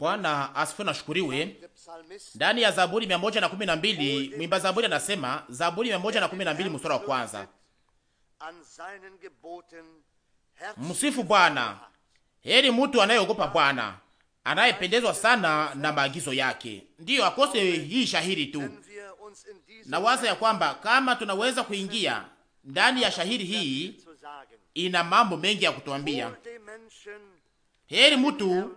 Bwana asifiwe na shukuriwe. Ndani ya Zaburi mia moja na kumi na mbili mwimba Zaburi anasema, Zaburi mia moja na kumi na mbili mstari wa kwanza msifu Bwana. Heri mutu anayeogopa Bwana, anayependezwa sana na maagizo yake. Ndiyo akose hii shahiri tu na waza ya kwamba kama tunaweza kuingia ndani ya shahiri hii ina mambo mengi ya kutuambia. Heri mtu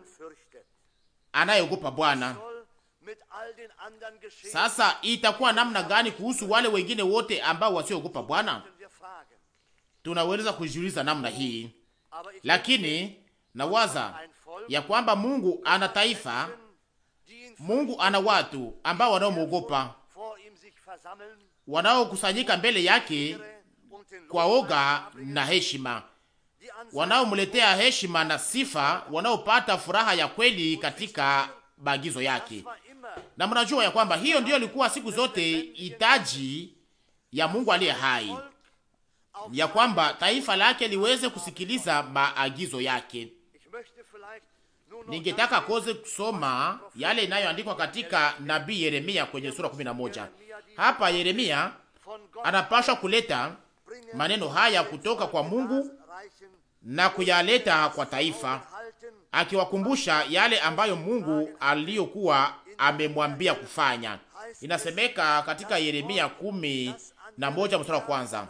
anayeogopa Bwana. Sasa itakuwa namna gani kuhusu wale wengine wote ambao wasiogopa Bwana? Tunaweza kujiuliza namna hii, lakini nawaza ya kwamba Mungu ana taifa, Mungu ana watu ambao wanaomwogopa, wanaokusanyika mbele yake kwa oga na heshima, wanaomletea heshima na sifa, wanaopata furaha ya kweli katika maagizo yake. Na mnajua ya kwamba hiyo ndiyo ilikuwa siku zote hitaji ya Mungu aliye hai, ya kwamba taifa lake liweze kusikiliza maagizo yake. Ningetaka koze kusoma yale inayoandikwa katika nabii Yeremia kwenye sura 11. Hapa Yeremia anapashwa kuleta maneno haya kutoka kwa Mungu na kuyaleta kwa taifa, akiwakumbusha yale ambayo Mungu aliyokuwa amemwambia kufanya. Inasemeka katika Yeremia kumi na moja mstari wa kwanza,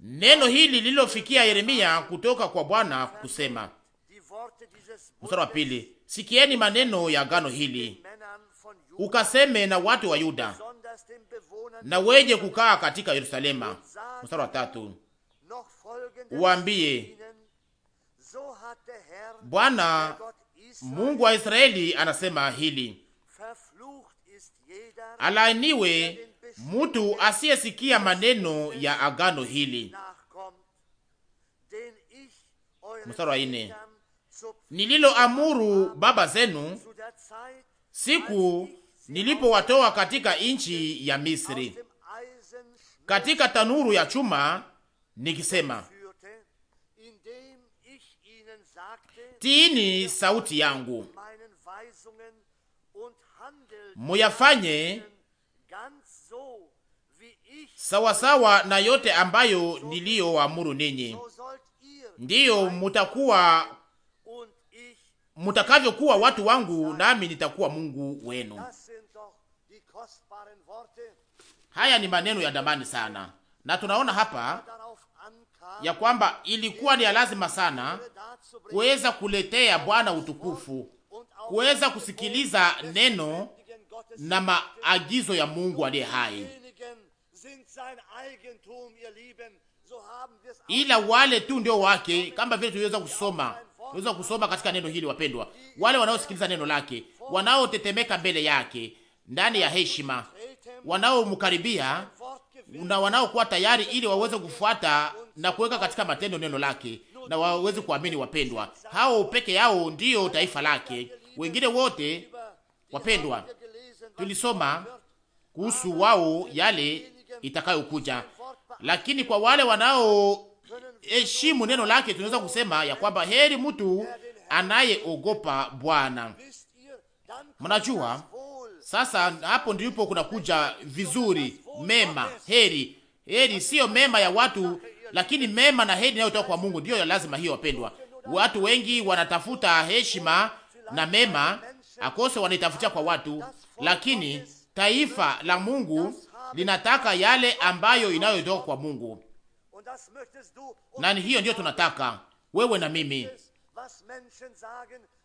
neno hili lililofikia Yeremia kutoka kwa Bwana kusema. Mstari wa pili, sikieni maneno ya gano hili, ukaseme na watu wa Yuda na wenye kukaa katika Yerusalema. Mstari wa tatu, uambie Bwana Mungu wa Israeli anasema hili, alaaniwe mtu asiyesikia maneno ya agano hili. Mstari wa nne, nililoamuru baba zenu siku nilipowatoa katika nchi ya Misri katika tanuru ya chuma, nikisema, tiini sauti yangu, muyafanye sawasawa na yote ambayo niliyoamuru ninyi, ndiyo mutakuwa mutakavyokuwa watu wangu, nami nitakuwa Mungu wenu. Haya ni maneno ya damani sana, na tunaona hapa ya kwamba ilikuwa ni ya lazima sana kuweza kuletea Bwana utukufu, kuweza kusikiliza neno na maagizo ya Mungu aliye hai. Ila wale tu ndio wake, kama vile tuliweza kusoma, tuliweza kusoma katika neno hili, wapendwa, wale wanaosikiliza neno lake, wanaotetemeka mbele yake ndani ya heshima wanaomkaribia na wanaokuwa tayari ili waweze kufuata na kuweka katika matendo neno lake na waweze kuamini. Wapendwa, hao peke yao ndiyo taifa lake, wengine wote wapendwa, tulisoma kuhusu wao yale itakayokuja, lakini kwa wale wanaoheshimu neno lake tunaweza kusema ya kwamba heri mtu anayeogopa Bwana. Mnajua sasa hapo ndipo kunakuja vizuri, mema, heri. Heri sio mema ya watu, lakini mema na heri inayotoka kwa Mungu, ndiyo lazima hiyo, wapendwa. Watu wengi wanatafuta heshima na mema akose, wanaitafutia kwa watu, lakini taifa la Mungu linataka yale ambayo inayotoka kwa Mungu, na hiyo ndiyo tunataka wewe na mimi.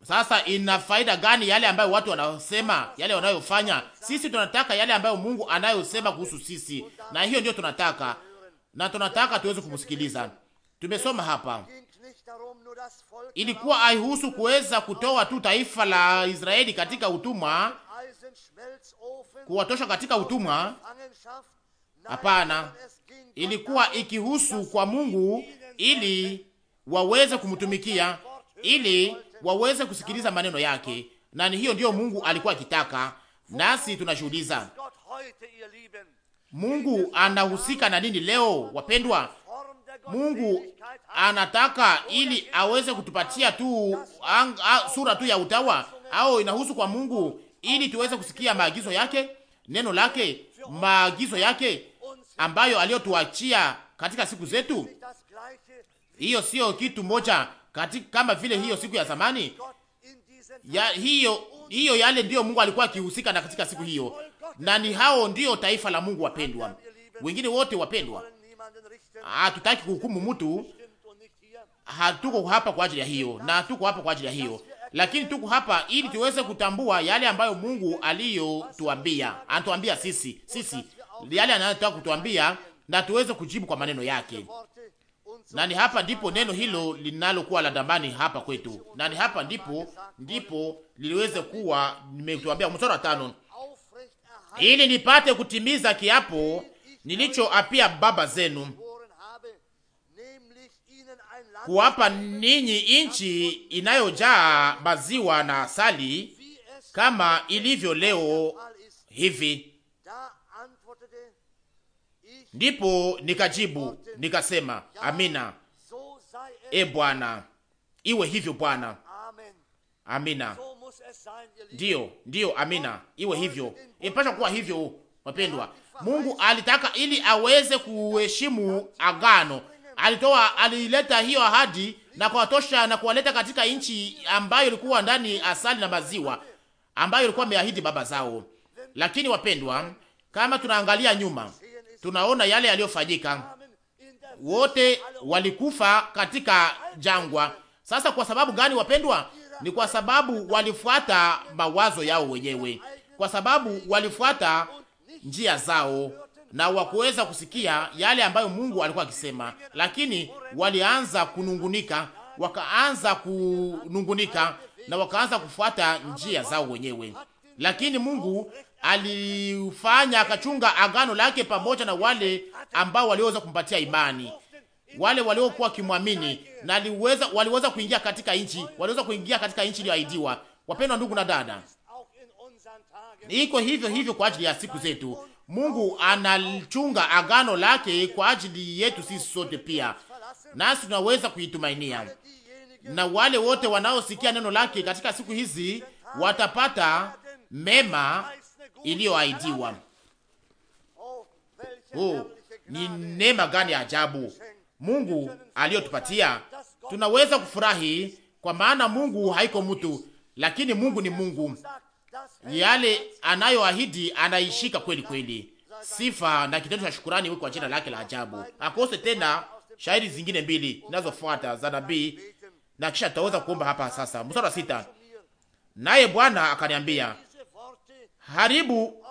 Sasa ina faida gani yale ambayo watu wanasema, yale wanayofanya? Sisi tunataka yale ambayo Mungu anayosema kuhusu sisi, na hiyo ndio tunataka, na tunataka tuweze kumsikiliza. Tumesoma hapa, ilikuwa aihusu kuweza kutoa tu taifa la Israeli katika utumwa, kuwatosha katika utumwa. Hapana, ilikuwa ikihusu kwa Mungu ili waweze kumtumikia ili waweze kusikiliza maneno yake, na hiyo ndiyo Mungu alikuwa akitaka, nasi tunashuhudiza. Mungu anahusika na nini leo wapendwa? Mungu anataka ili aweze kutupatia tu ang, a, sura tu ya utawa au inahusu kwa Mungu ili tuweze kusikia maagizo yake, neno lake, maagizo yake ambayo aliyotuachia katika siku zetu. Hiyo sio kitu moja katika kama vile hiyo siku ya zamani ya hiyo hiyo, yale ndiyo Mungu alikuwa akihusika na katika siku hiyo, na ni hao ndiyo taifa la Mungu wapendwa. Wengine wote wapendwa, ah, hatutaki kuhukumu mtu, hatuko hapa kwa ajili ya hiyo, na hatuko hapa kwa ajili ya hiyo, lakini tuko hapa ili tuweze kutambua yale ambayo Mungu aliyotuambia, anatuambia sisi sisi, yale anayotaka kutuambia na tuweze kujibu kwa maneno yake na ni hapa ndipo neno hilo linalokuwa la dambani hapa kwetu, na ni hapa ndipo ndipo liliweze kuwa nimetuambia, mstari wa tano, ili nipate kutimiza kiapo nilichoapia baba zenu kuwapa ninyi nchi inayojaa maziwa na asali, kama ilivyo leo hivi. Ndipo nikajibu nikasema, amina, e Bwana, iwe hivyo Bwana. Amina, ndiyo, ndiyo, amina, iwe hivyo, impasha e, kuwa hivyo. Wapendwa, Mungu alitaka ili aweze kuheshimu agano, alitoa alileta hiyo ahadi na kuwatosha na kuwaleta katika nchi ambayo ilikuwa ndani asali na maziwa, ambayo ilikuwa ameahidi baba zao. Lakini wapendwa, kama tunaangalia nyuma tunaona yale yaliyofanyika. Wote walikufa katika jangwa. Sasa kwa sababu gani, wapendwa? Ni kwa sababu walifuata mawazo yao wenyewe, kwa sababu walifuata njia zao na wakuweza kusikia yale ambayo Mungu alikuwa akisema, lakini walianza kunungunika, wakaanza kunungunika na wakaanza kufuata njia zao wenyewe. Lakini Mungu alifanya akachunga agano lake pamoja na wale ambao walioweza kumpatia imani, wale waliokuwa kimwamini, na aliweza waliweza kuingia katika nchi, waliweza kuingia katika nchi iliyoahidiwa. Wapendwa ndugu na dada, iko hivyo hivyo kwa ajili ya siku zetu. Mungu anachunga agano lake kwa ajili yetu sisi sote pia, nasi tunaweza kuitumainia. Na wale wote wanaosikia neno lake katika siku hizi watapata mema iliyoahidiwa. Oh, ni neema gani ya ajabu Mungu aliyotupatia! Tunaweza kufurahi kwa maana Mungu haiko mtu, lakini Mungu ni Mungu. Yale anayoahidi anaishika kweli kweli. Sifa na kitendo cha shukurani kwa jina lake la ajabu. Akose tena shairi zingine mbili zinazofuata za nabii, na kisha tutaweza kuomba hapa sasa. Mstari wa sita, naye Bwana akaniambia haribu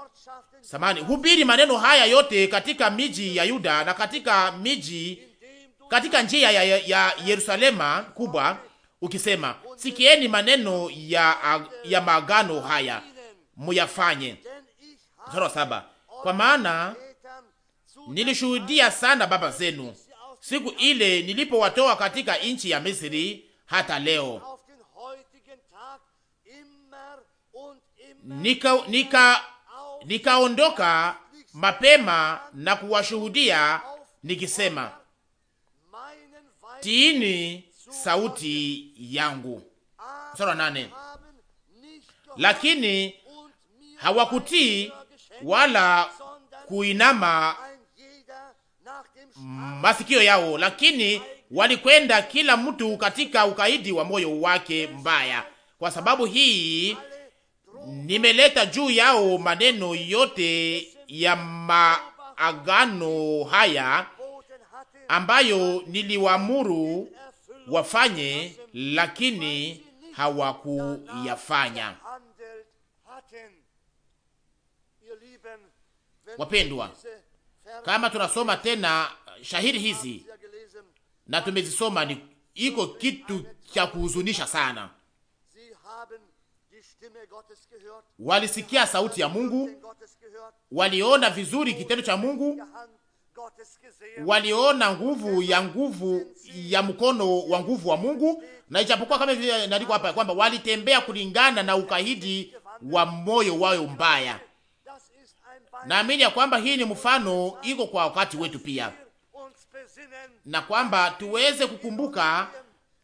samani, hubiri maneno haya yote katika miji ya Yuda na katika miji katika njia ya, ya, ya Yerusalema kubwa, ukisema sikieni maneno ya, ya maagano haya muyafanye. Mstari wa saba, kwa maana nilishuhudia sana baba zenu siku ile nilipowatoa katika nchi ya Misri hata leo nikaondoka nika, nika mapema na kuwashuhudia nikisema, tiini sauti yangu. Mstari nane. Lakini hawakutii wala kuinama masikio yao, lakini walikwenda kila mtu katika ukaidi wa moyo wake mbaya. Kwa sababu hii nimeleta juu yao maneno yote ya maagano haya ambayo niliwaamuru wafanye, lakini hawakuyafanya. Wapendwa, kama tunasoma tena shahiri hizi na tumezisoma, ni iko kitu cha kuhuzunisha sana walisikia sauti ya Mungu, waliona vizuri kitendo cha Mungu, waliona nguvu ya nguvu ya mkono wa nguvu wa Mungu, na ijapokuwa kama vile inaandikwa hapa kwamba walitembea kulingana na ukaidi wa moyo wao mbaya. Naamini ya kwamba hii ni mfano iko kwa wakati wetu pia, na kwamba tuweze kukumbuka,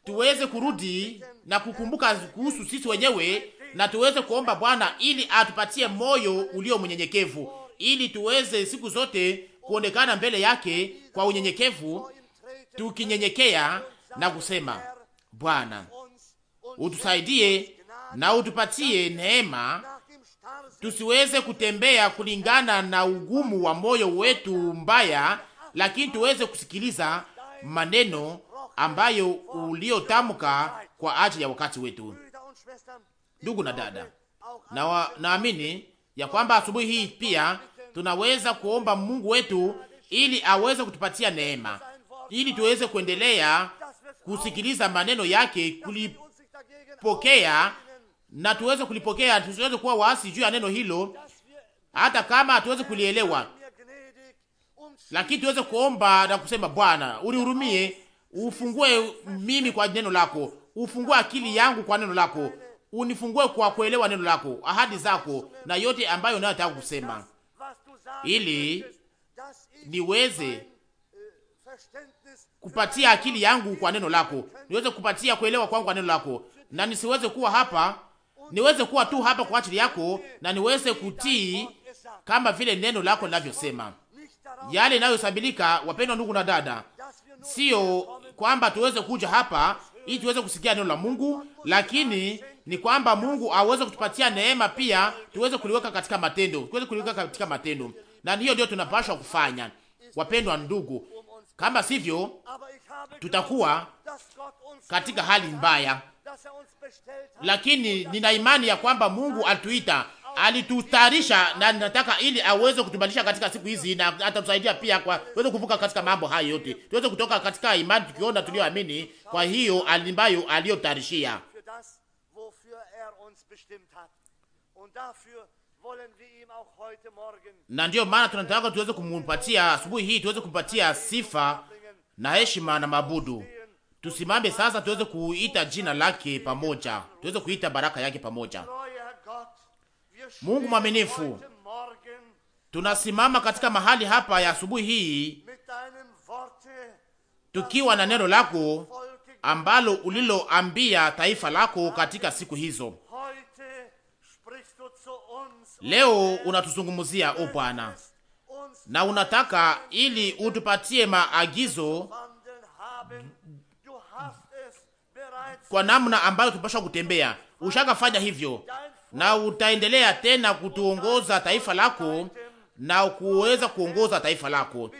tuweze kurudi na kukumbuka kuhusu sisi wenyewe na tuweze kuomba Bwana ili atupatie moyo ulio mnyenyekevu, ili tuweze siku zote kuonekana mbele yake kwa unyenyekevu, tukinyenyekea na kusema, Bwana utusaidie na utupatie neema, tusiweze kutembea kulingana na ugumu wa moyo wetu mbaya, lakini tuweze kusikiliza maneno ambayo uliotamka kwa ajili ya wakati wetu ndugu na dada, na naamini ya kwamba asubuhi hii pia tunaweza kuomba Mungu wetu ili aweze kutupatia neema ili tuweze kuendelea kusikiliza maneno yake, kulipokea na tuweze kulipokea, tusiweze kuwa waasi juu ya neno hilo, hata kama hatuweze kulielewa, lakini tuweze kuomba na kusema, Bwana, unihurumie, ufungue mimi kwa neno lako, ufungue akili yangu kwa neno lako, unifungue kwa kuelewa neno lako, ahadi zako, na yote ambayo unayotaka kusema, ili niweze kupatia akili yangu kwa neno lako, niweze kupatia kuelewa kwangu kwa neno lako, na nisiweze kuwa hapa, niweze kuwa tu hapa kwa ajili yako, na niweze kutii kama vile neno lako linavyosema. Yale inayosabilika, wapendwa ndugu na dada, sio kwamba tuweze kuja hapa ili tuweze kusikia neno la Mungu, lakini ni kwamba Mungu aweze kutupatia neema pia tuweze kuliweka katika matendo, tuweze kuliweka katika matendo, na hiyo ndio tunapaswa kufanya, wapendwa ndugu. Kama sivyo, tutakuwa katika hali mbaya, lakini nina imani ya kwamba Mungu alituita, alitutarisha na nataka ili aweze kutubadilisha katika siku hizi, na atatusaidia pia kwa tuweze kuvuka katika mambo hayo yote, tuweze kutoka katika imani tukiona tulioamini, kwa hiyo alimbayo aliyotayarishia na ndiyo maana tunataka tuweze kumupatia asubuhi hii, tuweze kumpatia sifa na heshima na mabudu. Tusimame sasa, tuweze kuita jina lake pamoja, tuweze kuita baraka yake pamoja. Mungu mwaminifu, tunasimama katika mahali hapa ya asubuhi hii tukiwa na neno lako ambalo uliloambia taifa lako katika siku hizo Leo unatuzungumzia o Bwana, na unataka ili utupatie maagizo kwa namna ambayo tupasha kutembea. Ushakafanya hivyo na utaendelea tena kutuongoza taifa lako na kuweza kuongoza taifa lako.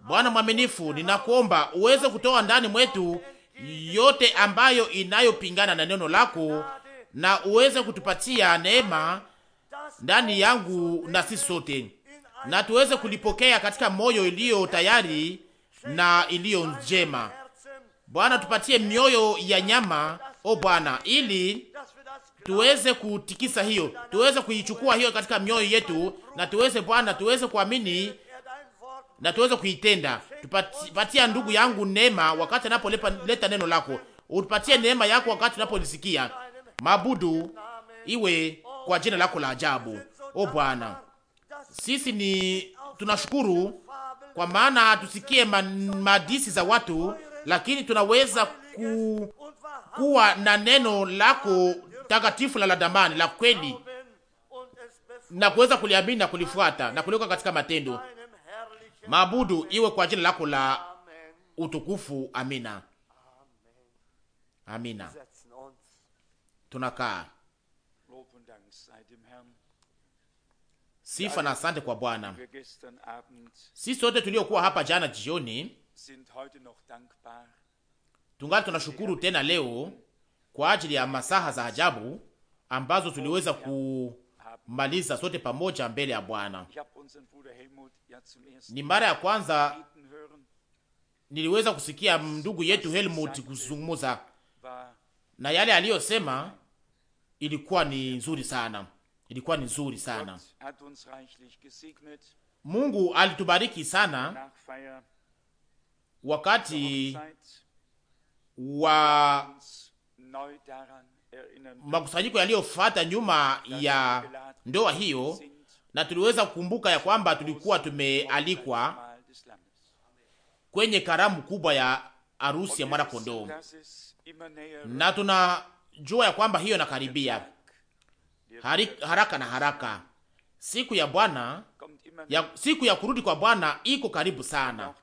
Bwana mwaminifu, ninakuomba uweze kutoa ndani mwetu yote ambayo inayopingana na neno lako na uweze kutupatia neema ndani yangu na sisi sote, na tuweze kulipokea katika moyo iliyo tayari na iliyo njema. Bwana, tupatie mioyo ya nyama, o Bwana, ili tuweze kutikisa hiyo, tuweze kuichukua hiyo katika mioyo yetu, na tuweze Bwana, tuweze kuamini na tuweze kuitenda. Tupatia ndugu yangu neema wakati anapoleta neno lako, utupatie neema yako wakati unapolisikia mabudu iwe kwa jina lako la ajabu, o Bwana. Sisi ni tunashukuru kwa maana tusikie madisi za watu, lakini tunaweza ku, kuwa na neno lako takatifu la ladamani la kweli na kuweza kuliamini na kulifuata na kuliweka katika matendo. Mabudu iwe kwa jina lako la utukufu. Amina, amina tunakaa. Sifa na asante kwa Bwana. Sisi sote tuliokuwa hapa jana jioni tungali tunashukuru tena leo kwa ajili ya masaha za ajabu ambazo tuliweza kumaliza sote pamoja mbele ya Bwana. Ni mara ya kwanza niliweza kusikia ndugu yetu Helmut kuzungumza na yale aliyosema ilikuwa ni nzuri sana, ilikuwa ni nzuri sana. Mungu alitubariki sana wakati wa makusanyiko yaliyofuata nyuma ya ndoa hiyo, na tuliweza kukumbuka ya kwamba tulikuwa tumealikwa kwenye karamu kubwa ya arusi ya mwana kondoo na tunajua ya kwamba hiyo inakaribia haraka na haraka. Siku ya Bwana ya, siku ya kurudi kwa Bwana iko karibu sana,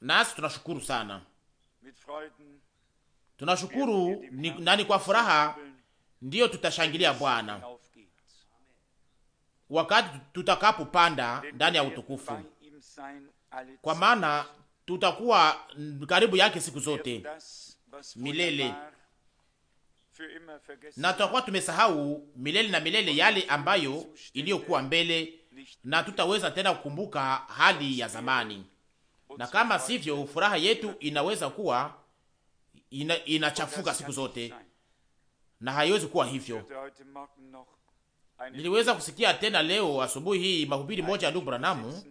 nasi tunashukuru sana, tunashukuru ni, na ni kwa furaha ndiyo tutashangilia Bwana wakati tutakapopanda ndani ya utukufu, kwa maana tutakuwa karibu yake siku zote milele, na tutakuwa tumesahau milele na milele yale ambayo iliyokuwa mbele, na tutaweza tena kukumbuka hali ya zamani. Na kama sivyo, furaha yetu inaweza kuwa ina, inachafuka siku zote, na haiwezi kuwa hivyo. Niliweza kusikia tena leo asubuhi hii mahubiri moja ya ndugu Branamu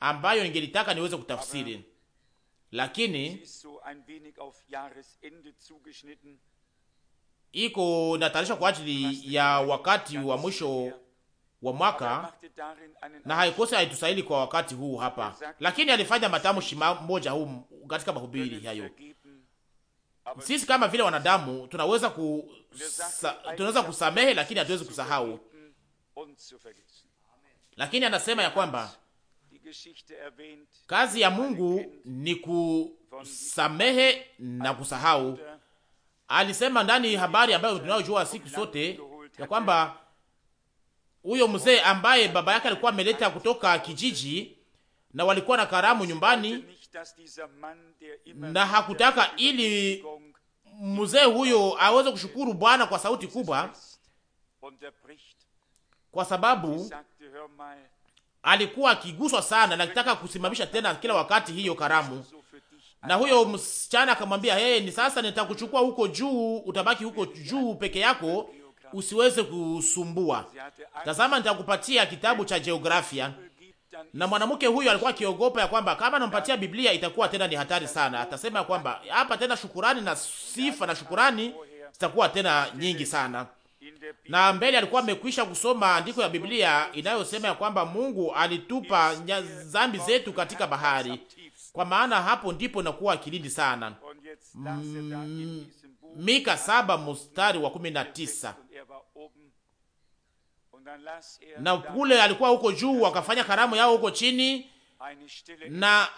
ambayo ningelitaka niweze kutafsiri lakini iko natarisha kwa ajili ya wakati wa mwisho wa mwaka na haikosi haitusaili kwa wakati huu hapa, er lakini alifanya matamshi moja huu katika mahubiri hayo. Sisi kama vile wanadamu tunaweza kusa, er tunaweza kusamehe, lakini hatuwezi kusahau. Lakini anasema ya kwamba Kazi ya Mungu ni kusamehe na kusahau. Alisema ndani habari ambayo tunayojua siku zote ya kwamba huyo mzee ambaye baba yake alikuwa ameleta kutoka kijiji na walikuwa na karamu nyumbani, na hakutaka ili mzee huyo aweze er kushukuru Bwana kwa sauti kubwa, kwa sababu alikuwa akiguswa sana na akitaka kusimamisha tena kila wakati hiyo karamu, na huyo msichana akamwambia yeye, ni sasa nitakuchukua huko juu, utabaki huko juu peke yako, usiweze kusumbua. Tazama, nitakupatia kitabu cha jiografia. Na mwanamke huyo alikuwa akiogopa ya kwamba kama anampatia Biblia itakuwa tena ni hatari sana, atasema ya kwamba hapa tena shukurani na sifa na shukurani zitakuwa tena nyingi sana na mbele alikuwa amekwisha kusoma andiko ya Biblia inayosema ya kwamba Mungu alitupa dhambi zetu katika bahari, kwa maana hapo ndipo nakuwa kilindi sana. Mm, Mika saba mustari wa kumi na tisa na kule alikuwa huko juu, akafanya karamu yao huko chini, na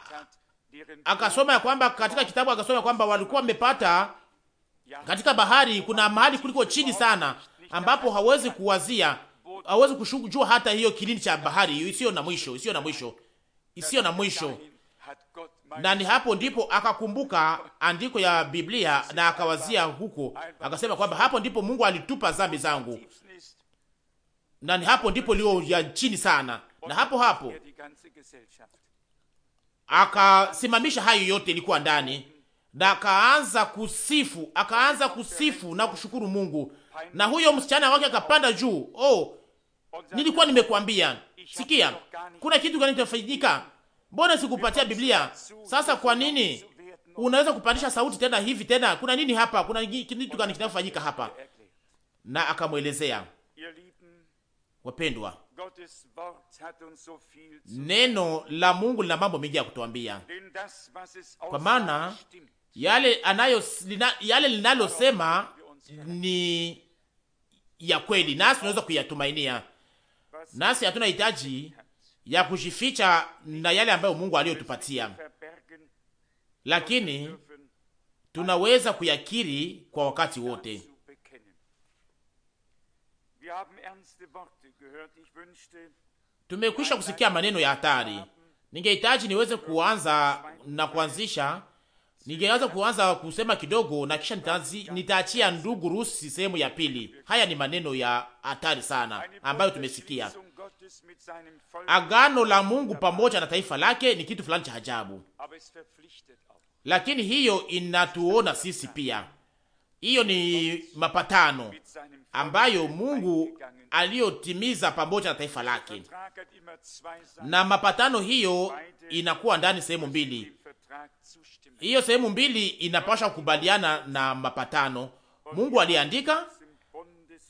akasoma ya kwamba katika kitabu akasoma ya kwamba walikuwa wamepata katika bahari, kuna mahali kuliko chini sana ambapo hawezi kuwazia, hawezi kushujua hata hiyo kilindi cha bahari isiyo na mwisho, isiyo na mwisho, isiyo na mwisho. Na ni hapo ndipo akakumbuka andiko ya Biblia na akawazia huko, akasema kwamba hapo ndipo Mungu alitupa dhambi zangu, na ni hapo ndipo lio ya chini sana, na hapo hapo akasimamisha hayo yote ilikuwa ndani, na akaanza kusifu, akaanza kusifu na kushukuru Mungu na huyo msichana wake akapanda juu. Oh, nilikuwa nimekwambia, sikia, kuna kitu gani kitafanyika? Mbona sikupatia Biblia? Sasa kwa nini unaweza kupandisha sauti tena hivi tena? Kuna nini hapa? Kuna kitu gani kinafanyika hapa? Na akamwelezea. Wapendwa, neno la Mungu lina mambo mengi ya kutuambia, kwa maana yale anayo yale linalosema ni ya kweli, nasi tunaweza kuyatumainia. Nasi hatuna hitaji ya kujificha na yale ambayo Mungu aliyotupatia, lakini tunaweza kuyakiri kwa wakati wote. Tumekwisha kusikia maneno ya hatari. Ningehitaji niweze kuanza na kuanzisha Ningeweza kuanza kusema kidogo na kisha nitazi, nitaachia ndugu Rusi sehemu ya pili. Haya ni maneno ya hatari sana ambayo tumesikia. Agano la Mungu pamoja na taifa lake ni kitu fulani cha ajabu, lakini hiyo inatuona sisi pia. Hiyo ni mapatano ambayo Mungu aliyotimiza pamoja na taifa lake, na mapatano hiyo inakuwa ndani sehemu mbili hiyo sehemu mbili inapasha kukubaliana na mapatano. Mungu aliandika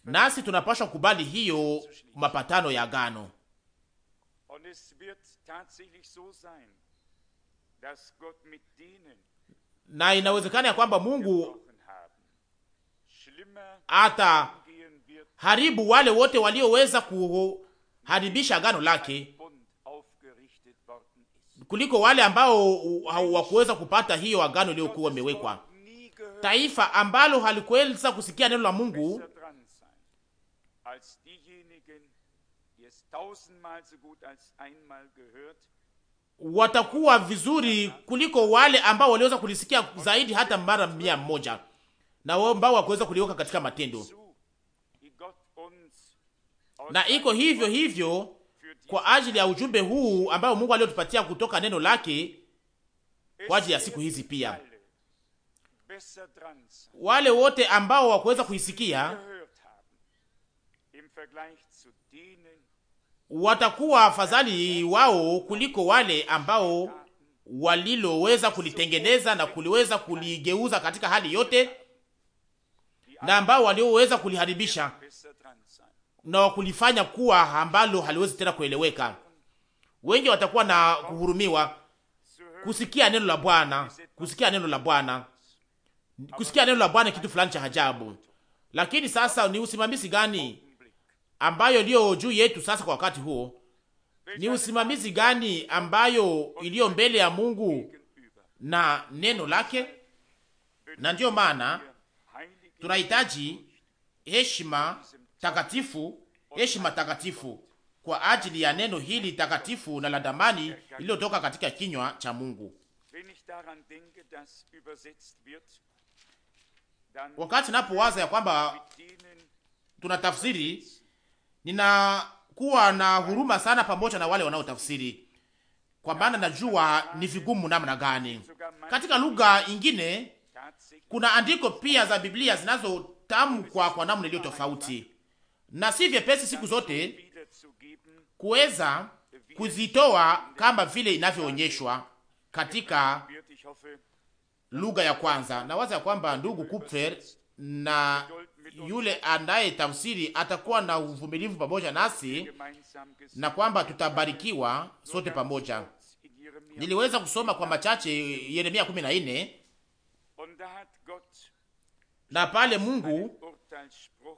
nasi tunapasha kukubali hiyo mapatano ya agano, na inawezekana ya kwamba Mungu ata haribu wale wote walioweza kuharibisha agano lake kuliko wale ambao hawakuweza kupata hiyo agano iliyokuwa imewekwa. Taifa ambalo halikuweza kusikia neno la Mungu watakuwa vizuri kuliko wale ambao waliweza kulisikia zaidi hata mara mia moja na wao ambao wakuweza kuliweka katika matendo, na iko hivyo hivyo kwa ajili ya ujumbe huu ambao Mungu aliyotupatia kutoka neno lake kwa ajili ya siku hizi pia. Wale wote ambao wakuweza kuisikia watakuwa afadhali wao kuliko wale ambao waliloweza kulitengeneza na kuliweza kuligeuza katika hali yote na ambao walioweza kuliharibisha na kulifanya kuwa ambalo haliwezi tena kueleweka. Wengi watakuwa na kuhurumiwa kusikia neno la Bwana, kusikia neno la Bwana, kusikia neno la Bwana, kitu fulani cha ajabu. Lakini sasa ni usimamizi gani ambayo iliyo juu yetu sasa kwa wakati huo? Ni usimamizi gani ambayo iliyo mbele ya Mungu na neno lake? Na ndiyo maana tunahitaji heshima takatifu, heshima takatifu kwa ajili ya neno hili takatifu na la damani lililotoka katika kinywa cha Mungu. Wakati napowaza ya kwamba tuna tafsiri ninakuwa na huruma sana pamoja na wale wanaotafsiri, kwa maana najua ni vigumu namna gani. Katika lugha ingine kuna andiko pia za Biblia zinazotamkwa kwa namna iliyo tofauti na si vyepesi siku zote kuweza kuzitoa kama vile inavyoonyeshwa katika lugha ya kwanza. waza ya kwamba ndugu Kupfer na yule anaye tafsiri atakuwa na uvumilivu pamoja nasi na kwamba tutabarikiwa sote pamoja. Niliweza kusoma kwa machache Yeremia 14 na pale Mungu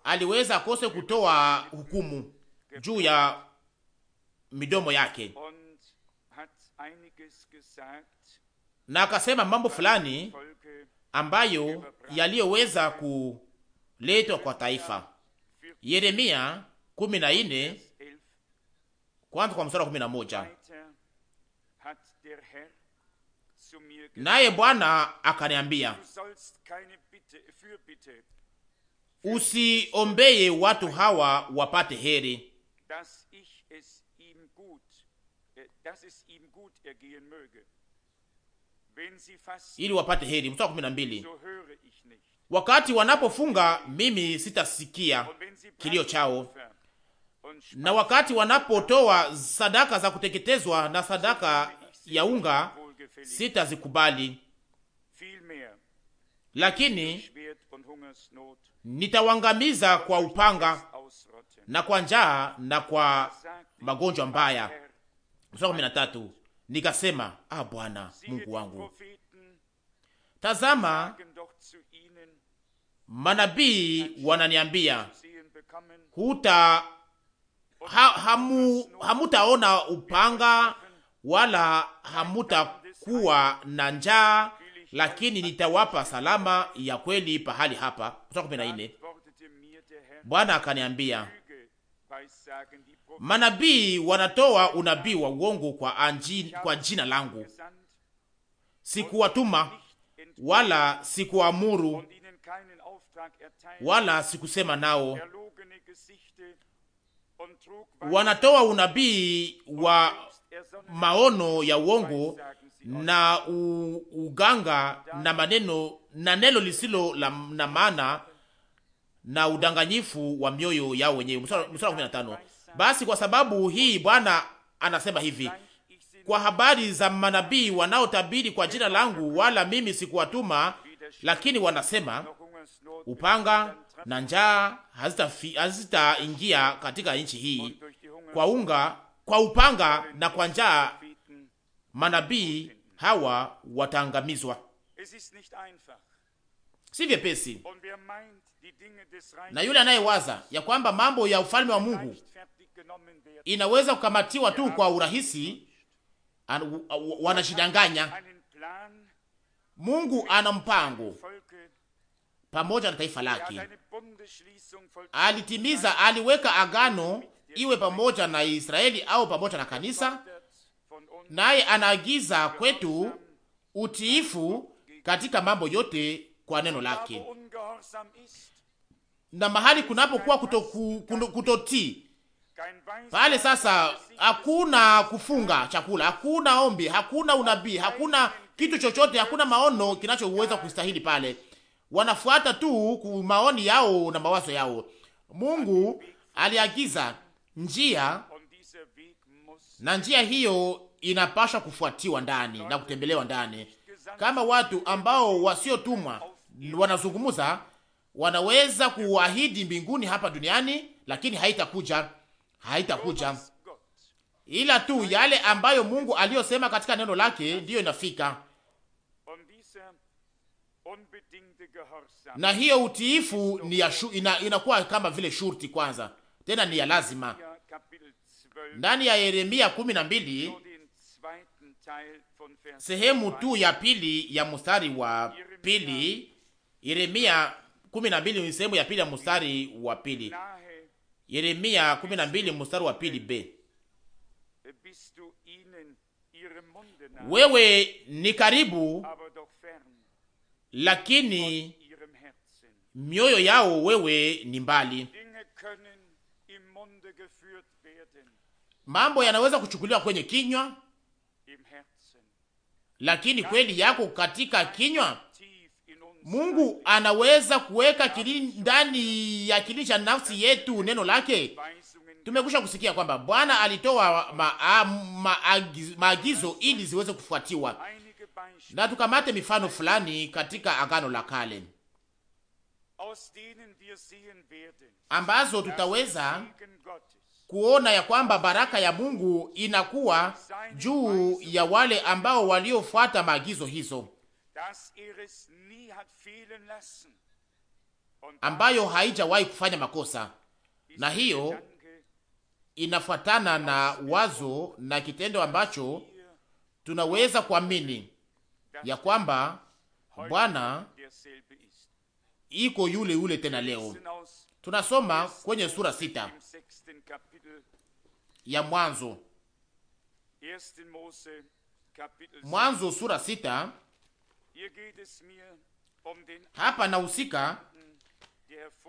aliweza akose kutoa hukumu juu ya midomo yake, na akasema mambo fulani ambayo yaliyoweza kuletwa kwa taifa. Yeremia 14 kwanza kwa mstari wa 11 naye Bwana akaniambia Usiombeye watu hawa wapate heri, äh, ili wapate heri. Mstari kumi na mbili, wakati wanapofunga mimi sitasikia kilio chao, na wakati wanapotoa sadaka za kuteketezwa na sadaka ya unga sitazikubali, lakini nitawangamiza kwa upanga na kwa njaa na kwa magonjwa mbaya. Mstari kumi na tatu, nikasema ah, Bwana Mungu wangu, tazama manabii wananiambia huta ha, hamu, hamutaona upanga wala hamutakuwa na njaa, lakini nitawapa salama ya kweli pahali hapa kumi na nne. Bwana akaniambia manabii wanatoa unabii wa uongo kwa, anji, kwa jina langu, sikuwatuma wala sikuamuru wala sikusema nao. Wanatoa unabii wa maono ya uongo na uganga na maneno na neno lisilo la, na maana na udanganyifu wa mioyo yao wenyewe. Mstari 15, basi kwa sababu hii Bwana anasema hivi kwa habari za manabii wanaotabiri kwa jina langu, wala mimi sikuwatuma, lakini wanasema upanga na njaa hazitaingia katika nchi hii, kwa unga, kwa upanga na kwa njaa manabii hawa wataangamizwa si vyepesi, na yule anayewaza ya kwamba mambo ya ufalme wa Mungu inaweza kukamatiwa tu kwa urahisi wanashidanganya. Mungu ana mpango pamoja na taifa er lake, alitimiza, aliweka agano iwe pamoja na Israeli au pamoja na kanisa, naye anaagiza kwetu utiifu katika mambo yote kwa neno lake, na mahali kunapokuwa kutotii kuto pale sasa hakuna kufunga chakula, hakuna ombi, hakuna unabii, hakuna kitu chochote, hakuna maono kinachoweza kustahili pale. Wanafuata tu maoni yao na mawazo yao. Mungu aliagiza njia, na njia hiyo inapashwa kufuatiwa ndani na kutembelewa ndani kama watu ambao wasiotumwa wanazungumza, wanaweza kuahidi mbinguni hapa duniani, lakini haitakuja, haitakuja ila tu yale ambayo Mungu aliyosema katika neno lake ndiyo inafika, na hiyo utiifu ni ya shu, ina, inakuwa kama vile shurti kwanza, tena ni ya lazima. Ndani ya Yeremia kumi na mbili sehemu tu ya pili ya mstari wa pili. Yeremia 12 ni sehemu ya pili ya mstari wa pili. Yeremia 12 mstari wa pili b wewe ni karibu, lakini mioyo yao wewe ni mbali. Mambo yanaweza kuchukuliwa kwenye kinywa lakini kweli yako katika kinywa. Mungu anaweza kuweka ndani ya kilisha cha nafsi yetu neno lake. tumekusha kusikia kwamba Bwana alitoa maagizo ma, ma, ma, ili ziweze kufuatiwa, na tukamate mifano fulani katika Agano la Kale ambazo tutaweza kuona ya kwamba baraka ya Mungu inakuwa juu ya wale ambao waliofuata maagizo hizo ambayo haijawahi kufanya makosa, na hiyo inafuatana na wazo na kitendo ambacho tunaweza kuamini ya kwamba Bwana iko yule yule tena leo. Tunasoma kwenye sura sita ya Mwanzo, Mwanzo sura sita. Um Hapa nahusika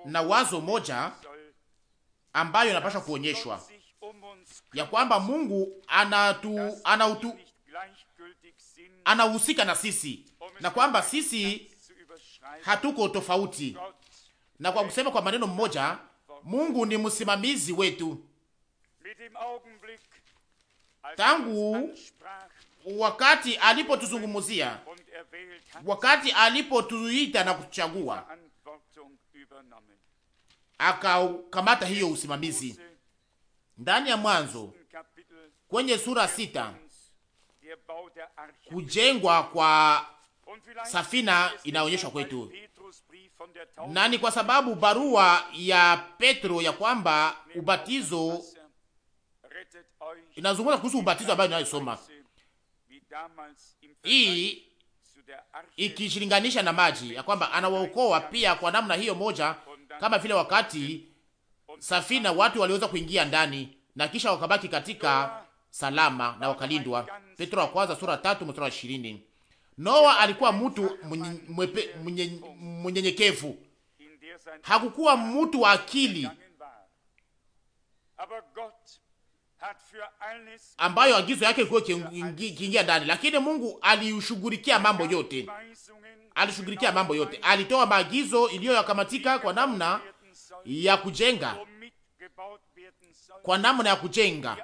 na wazo moja ambayo inapaswa kuonyeshwa um ya kwamba Mungu anatu anautu anahusika na sisi um na kwamba sisi hatuko tofauti, na kwa kusema kwa maneno mmoja, Mungu ni msimamizi wetu tangu wakati alipotuzungumuzia, er wakati alipotuita na kuchagua, akakamata hiyo usimamizi ndani ya Mwanzo kwenye sura sita, kujengwa kwa safina inaonyeshwa kwetu nani, kwa sababu barua ya Petro ya kwamba ubatizo inazungumza kuhusu ubatizo ambayo inayosoma hii ikijilinganisha na maji ya kwamba anawaokoa pia kwa namna hiyo moja, kama vile wakati safina watu waliweza kuingia ndani na kisha wakabaki katika salama na wakalindwa. Petro wa kwanza sura tatu mstari wa ishirini. Noa alikuwa mtu mnyenyekevu, hakukuwa mtu wa akili, ambayo agizo yake ilikuwa kiingia ndani, lakini Mungu alishughulikia mambo yote, alishughulikia mambo yote, alitoa maagizo iliyoyakamatika kwa namna ya kujenga, kwa namna ya kujenga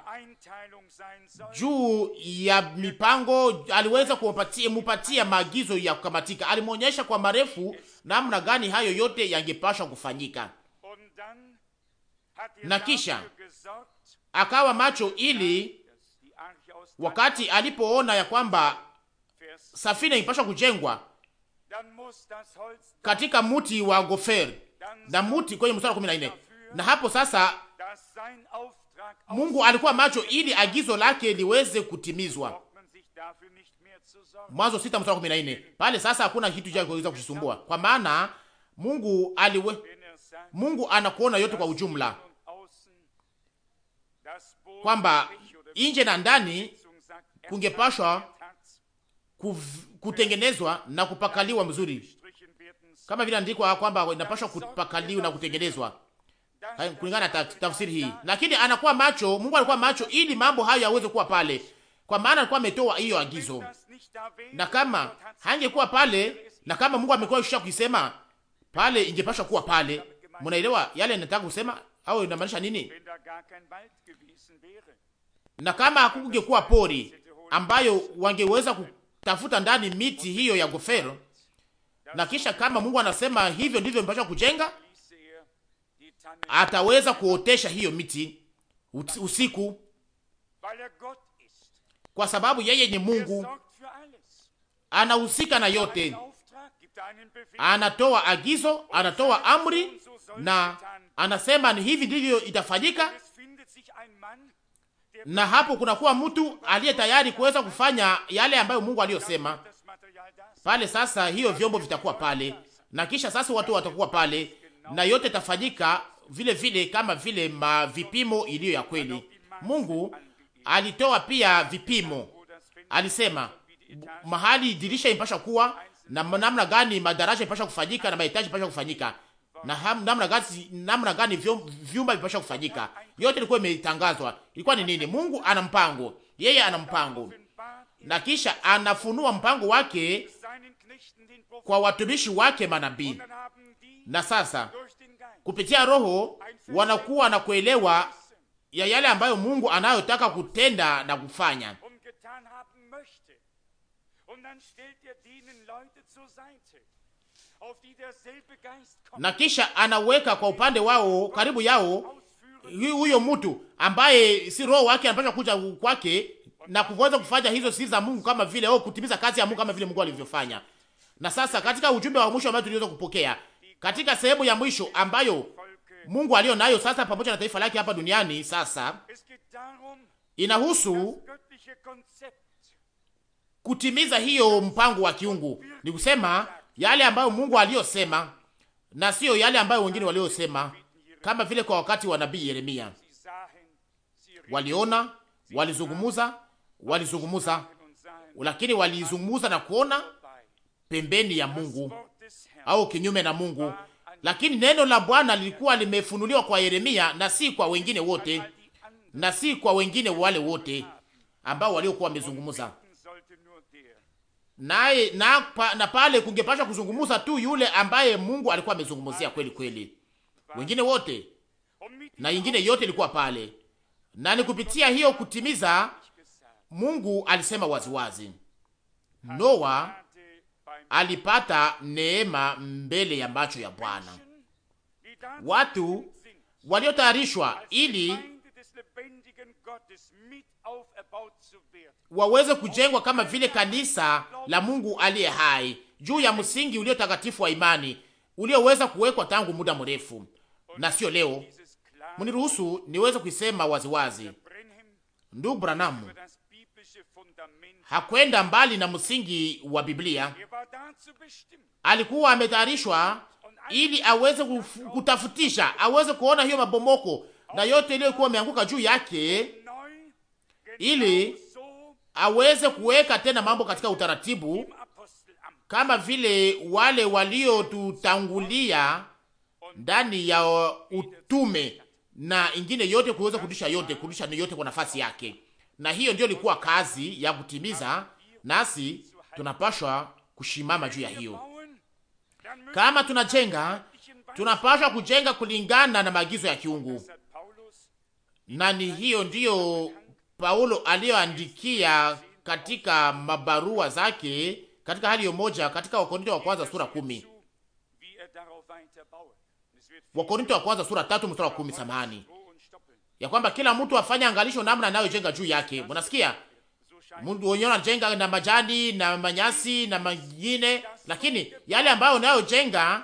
juu ya mipango. Aliweza kumpatia maagizo ya kukamatika, alimwonyesha kwa marefu namna gani hayo yote yangepashwa kufanyika na kisha akawa macho ili wakati alipoona ya kwamba safina ipashwa kujengwa katika muti wa gofer na muti kwenye mstari wa kumi na nne. Na hapo sasa Mungu alikuwa macho ili agizo lake liweze kutimizwa. Mwanzo sita mstari wa kumi na nne. Pale sasa hakuna kitu cha kuweza kushisumbua, kwa maana Mungu aliwe Mungu anakuona yote kwa ujumla, kwamba nje na ndani kungepashwa kutengenezwa na kupakaliwa mzuri, kama vile andikwa kwamba inapashwa kupakaliwa na kutengenezwa kulingana na tafsiri hii. Lakini anakuwa macho, Mungu alikuwa macho ili mambo hayo yaweze kuwa pale, kwa maana alikuwa ametoa hiyo agizo, na kama hangekuwa pale na kama Mungu amekuwa kisha kusema pale, ingepashwa kuwa pale Munaelewa yale nataka kusema au inamaanisha nini? Na kama hakungekuwa pori ambayo wangeweza kutafuta ndani miti hiyo ya gofero, na kisha kama Mungu anasema hivyo ndivyo mpasha kujenga, ataweza kuotesha hiyo miti usiku, kwa sababu yeye ni Mungu, anahusika na yote, anatoa agizo, anatoa amri na anasema ni hivi ndivyo itafanyika, na hapo kunakuwa mtu aliye tayari kuweza kufanya yale ambayo Mungu aliyosema pale. Sasa hiyo vyombo vitakuwa pale, na kisha sasa watu watakuwa pale, na yote itafanyika vile vile kama vile mavipimo iliyo ya kweli. Mungu alitoa pia vipimo, alisema mahali dirisha impasha kuwa na namna gani, madaraja impasha kufanyika na mahitaji impasha kufanyika na ham, namna gani namna gani vyumba vipasha kufanyika. Yote ilikuwa imetangazwa. Ilikuwa ni nini? Mungu ana mpango, yeye ana mpango, na kisha anafunua mpango wake kwa watumishi wake manabii, na sasa kupitia Roho wanakuwa na kuelewa ya yale ambayo Mungu anayotaka kutenda na kufanya. Um na kisha anaweka kwa upande wao karibu yao huyo mtu ambaye si roho wake anapaswa kuja kwake na kuweza kufanya hizo siri za Mungu kama vile au kutimiza kazi ya Mungu kama vile Mungu alivyofanya. Na sasa katika ujumbe wa mwisho ambao tuliweza kupokea katika sehemu ya mwisho ambayo Mungu aliyo nayo sasa pamoja na taifa lake hapa duniani sasa inahusu kutimiza hiyo mpango wa kiungu. Ni kusema yale ambayo Mungu aliyosema na sio yale ambayo wengine waliosema, kama vile kwa wakati wa nabii Yeremia waliona, walizungumuza, walizungumuza, lakini walizungumuza na kuona pembeni ya Mungu au kinyume na Mungu. Lakini neno la Bwana lilikuwa limefunuliwa kwa Yeremia na si kwa wengine wote, na si kwa wengine wale wote ambao waliokuwa wamezungumuza naye na, pa, na pale kungepasha kuzungumza tu yule ambaye Mungu alikuwa amezungumzia kweli kweli, wengine wote na ingine yote ilikuwa pale, na ni kupitia hiyo kutimiza Mungu alisema waziwazi wazi. Noa alipata neema mbele ya macho ya Bwana. Watu waliotayarishwa ili waweze kujengwa kama vile kanisa la Mungu aliye hai juu ya msingi ulio takatifu wa imani ulioweza kuwekwa tangu muda mrefu na sio leo. Mniruhusu niweze kuisema waziwazi, ndugu Branamu hakwenda mbali na msingi wa Biblia. Alikuwa ametayarishwa ili aweze kutafutisha, aweze kuona hiyo mabomoko na yote iliyokuwa imeanguka juu yake, ili aweze kuweka tena mambo katika utaratibu kama vile wale waliotutangulia ndani ya utume na ingine yote kuweza kurudisha yote kurudisha yote kwa nafasi yake. Na hiyo ndiyo ilikuwa kazi ya kutimiza, nasi tunapashwa kushimama juu ya hiyo. Kama tunajenga, tunapashwa kujenga kulingana na maagizo ya kiungu, na ni hiyo ndiyo Paulo aliyoandikia katika mabarua zake katika hali moja katika Wakorinto wa kwanza sura kumi. Wakorinto wa kwanza sura tatu mstari wa kumi, samani ya kwamba kila mtu afanye angalisho namna anayojenga juu yake. Mnasikia mtu wenyewe anajenga na majani na manyasi na mengine, lakini yale ambayo unayojenga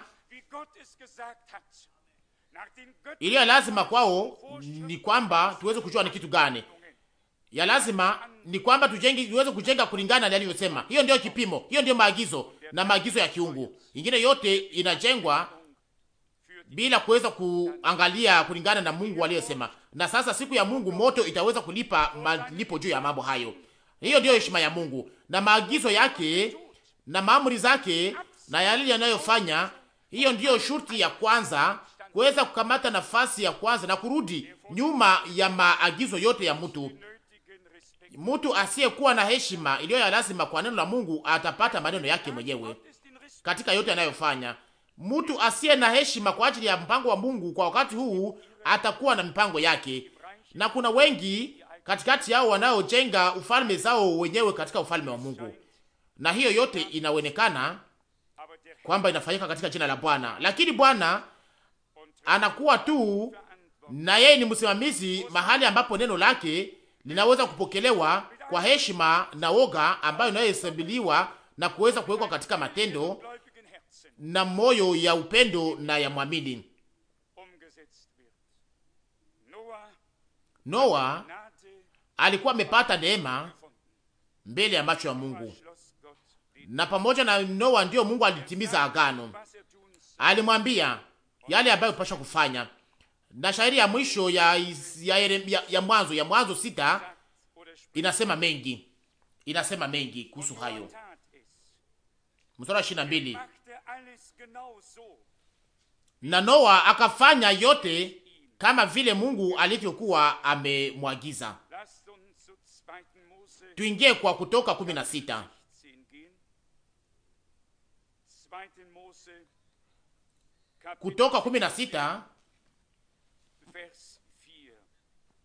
iliyo lazima kwao ni kwamba tuweze kujua ni kitu gani ya lazima ni kwamba tujenge, tuweze kujenga kulingana na alivyosema. Hiyo ndio kipimo, hiyo ndio maagizo na maagizo ya kiungu. Ingine yote inajengwa bila kuweza kuangalia kulingana na Mungu aliyosema. Na sasa siku ya Mungu moto itaweza kulipa malipo juu ya mambo hayo. Hiyo ndio heshima ya Mungu na maagizo yake na maamuri zake na yale yanayofanya. Hiyo ndiyo shurti ya kwanza kuweza kukamata nafasi ya kwanza na kurudi nyuma ya maagizo yote ya mtu mtu asiyekuwa na heshima iliyo ya lazima kwa neno la Mungu atapata maneno yake mwenyewe katika yote anayofanya. Mtu asiye na heshima kwa ajili ya mpango wa Mungu kwa wakati huu atakuwa na mipango yake, na kuna wengi katikati yao wanaojenga ufalme zao wenyewe katika ufalme wa Mungu, na hiyo yote inaonekana kwamba inafanyika katika jina la Bwana, lakini Bwana anakuwa tu na yeye ni msimamizi mahali ambapo neno lake linaweza kupokelewa kwa heshima na woga ambayo inayohesabiliwa na kuweza kuwekwa katika matendo na moyo ya upendo na ya mwamini. Noa alikuwa amepata neema mbele ya macho ya Mungu, na pamoja na Noa ndiyo Mungu alitimiza agano, alimwambia yale ambayo pasha kufanya na shairi ya mwisho ya, ya, ya, ya mwanzo ya Mwanzo sita inasema mengi, inasema mengi kuhusu hayo. Mstari wa ishirini na mbili na Noa akafanya yote kama vile Mungu alivyokuwa amemwagiza. Tuingie kwa Kutoka kumi na sita. Kutoka kumi na sita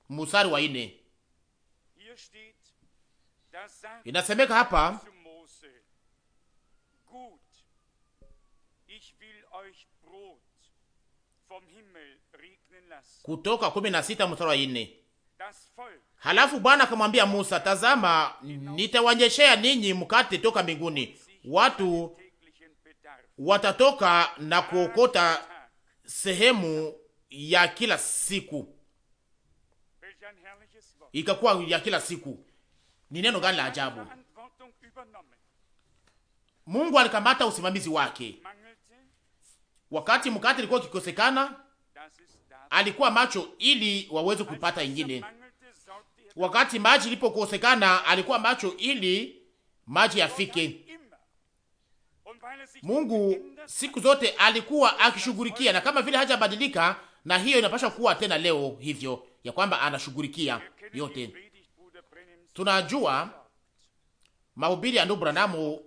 musari wa ine inasemeka hapa Kutoka kumi na sita mstari wa ine. Halafu Bwana akamwambia Musa, tazama, nitawanyeshea ninyi mkate toka mbinguni, watu watatoka na kuokota sehemu ya kila siku ikakuwa ya kila siku. Ni neno gani la ajabu! Mungu alikamata usimamizi wake wakati mkate ilikuwa ikikosekana, alikuwa macho ili waweze kupata ingine. Wakati maji ilipokosekana, alikuwa macho ili maji yafike. Mungu siku zote alikuwa akishughulikia, na kama vile hajabadilika, na hiyo inapaswa kuwa tena leo hivyo ya kwamba anashughulikia yote. Tunajua mahubiri ya ndugu Branamu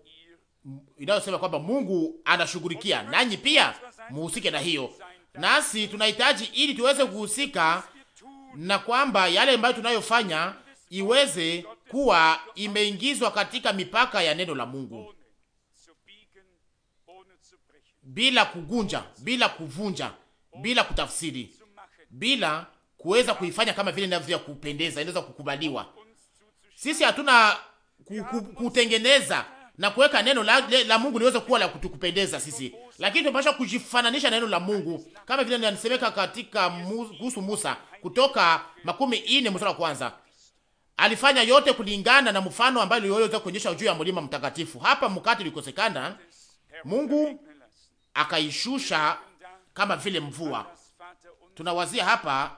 inayosema kwamba Mungu anashughulikia, nanyi pia muhusike na hiyo, nasi tunahitaji ili tuweze kuhusika na kwamba yale ambayo tunayofanya iweze kuwa imeingizwa katika mipaka ya neno la Mungu bila kugunja, bila kuvunja, bila kutafsiri, bila kuweza kuifanya kama vile ndivyo ya kupendeza, inaweza kukubaliwa. Sisi hatuna kutengeneza na kuweka neno la, la Mungu liweze kuwa la kutukupendeza sisi, lakini tunapaswa kujifananisha neno la Mungu kama vile ninasemeka katika kuhusu Musa, Kutoka makumi ine mstari wa kwanza alifanya yote kulingana na mfano ambayo aliweza kuonyesha juu ya mlima mtakatifu. Hapa mkate ulikosekana, Mungu akaishusha kama vile mvua. Tunawazia hapa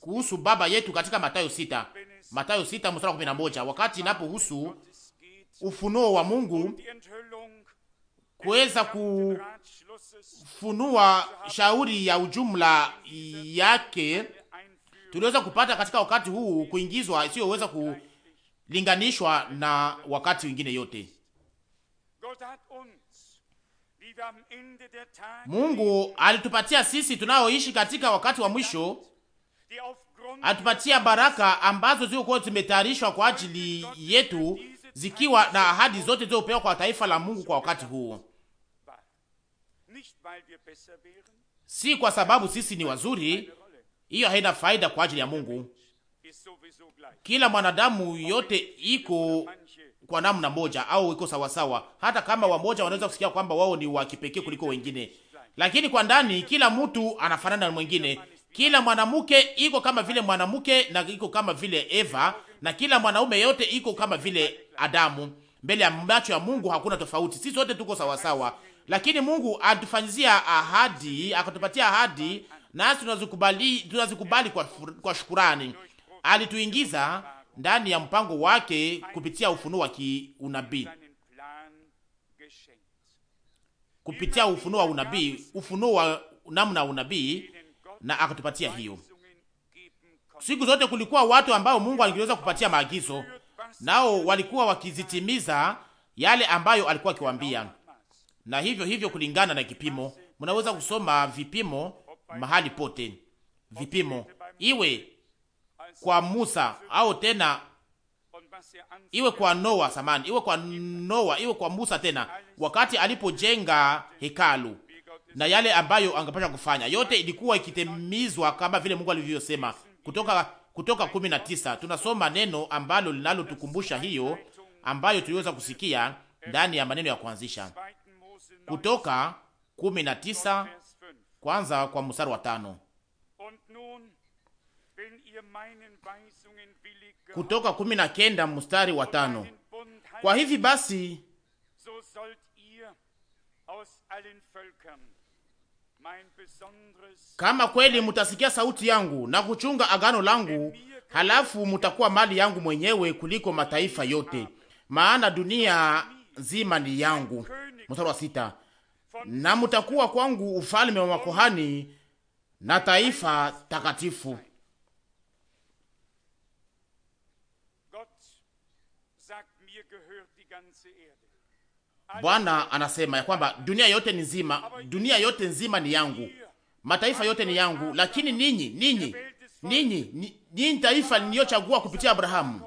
kuhusu baba yetu katika Mathayo sita, Mathayo sita mstari kumi na moja, wakati inapohusu ufunuo wa Mungu kuweza kufunua shauri ya ujumla yake tuliweza kupata katika wakati huu kuingizwa isiyoweza kulinganishwa na wakati wengine yote. Mungu alitupatia sisi tunaoishi katika wakati wa mwisho, alitupatia baraka ambazo zilikuwa zimetayarishwa kwa ajili yetu, zikiwa na ahadi zote zilizopewa kwa taifa la Mungu kwa wakati huu, si kwa sababu sisi ni wazuri. Hiyo haina faida kwa ajili ya Mungu. Kila mwanadamu yote iko kwa namna moja au iko sawa sawa, hata kama wamoja wanaweza kusikia kwamba wao ni wa kipekee kuliko wengine, lakini kwa ndani kila mtu anafanana na mwingine. Kila mwanamke iko kama vile mwanamke na iko kama vile Eva, na kila mwanaume yote iko kama vile Adamu. Mbele ya macho ya Mungu hakuna tofauti, sisi wote tuko sawa sawa, Lakini Mungu atufanyizia ahadi, akatupatia ahadi, nasi tunazikubali, tunazikubali kwa, kwa shukurani. Alituingiza ndani ya mpango wake kupitia ufunuo wa kiunabii, kupitia ufunuo wa unabii, ufunuo wa namna unabii, na akatupatia hiyo. Siku zote kulikuwa watu ambao Mungu angeweza kupatia maagizo, nao walikuwa wakizitimiza yale ambayo alikuwa akiwaambia, na hivyo hivyo kulingana na kipimo. Mnaweza kusoma vipimo mahali pote, vipimo iwe kwa Musa au tena iwe kwa Noa, samani, iwe kwa Noa, iwe kwa Musa tena, wakati alipojenga hekalu na yale ambayo angepasha kufanya, yote ilikuwa ikitimizwa kama vile Mungu alivyosema. Kutoka Kutoka 19 tunasoma neno ambalo linalotukumbusha hiyo ambayo tuliweza kusikia ndani ya maneno ya kuanzisha. Kutoka 19 kwanza kwa mstari wa tano. Kutoka kumi na kenda mstari wa tano. Kwa hivi basi kama kweli mutasikia sauti yangu na kuchunga agano langu, halafu mutakuwa mali yangu mwenyewe kuliko mataifa yote, maana dunia nzima ni yangu. Mstari wa sita, na mutakuwa kwangu ufalme wa makohani na taifa takatifu. Bwana anasema ya kwamba dunia yote ni nzima, dunia yote nzima ni yangu, mataifa yote ni yangu, lakini ninyi ninyi ninyi ninyi taifa niliyochagua kupitia Abrahamu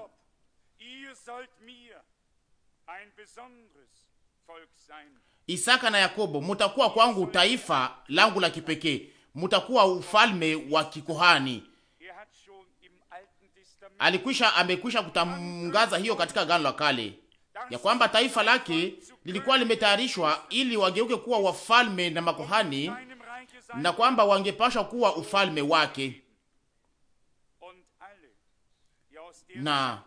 Isaka na Yakobo, mutakuwa kwangu taifa langu la kipekee, mutakuwa ufalme wa kikohani. Alikwisha, amekwisha kutangaza hiyo katika gano la Kale ya kwamba taifa lake lilikuwa limetayarishwa ili wageuke kuwa wafalme na makohani na kwamba wangepashwa kuwa ufalme wake na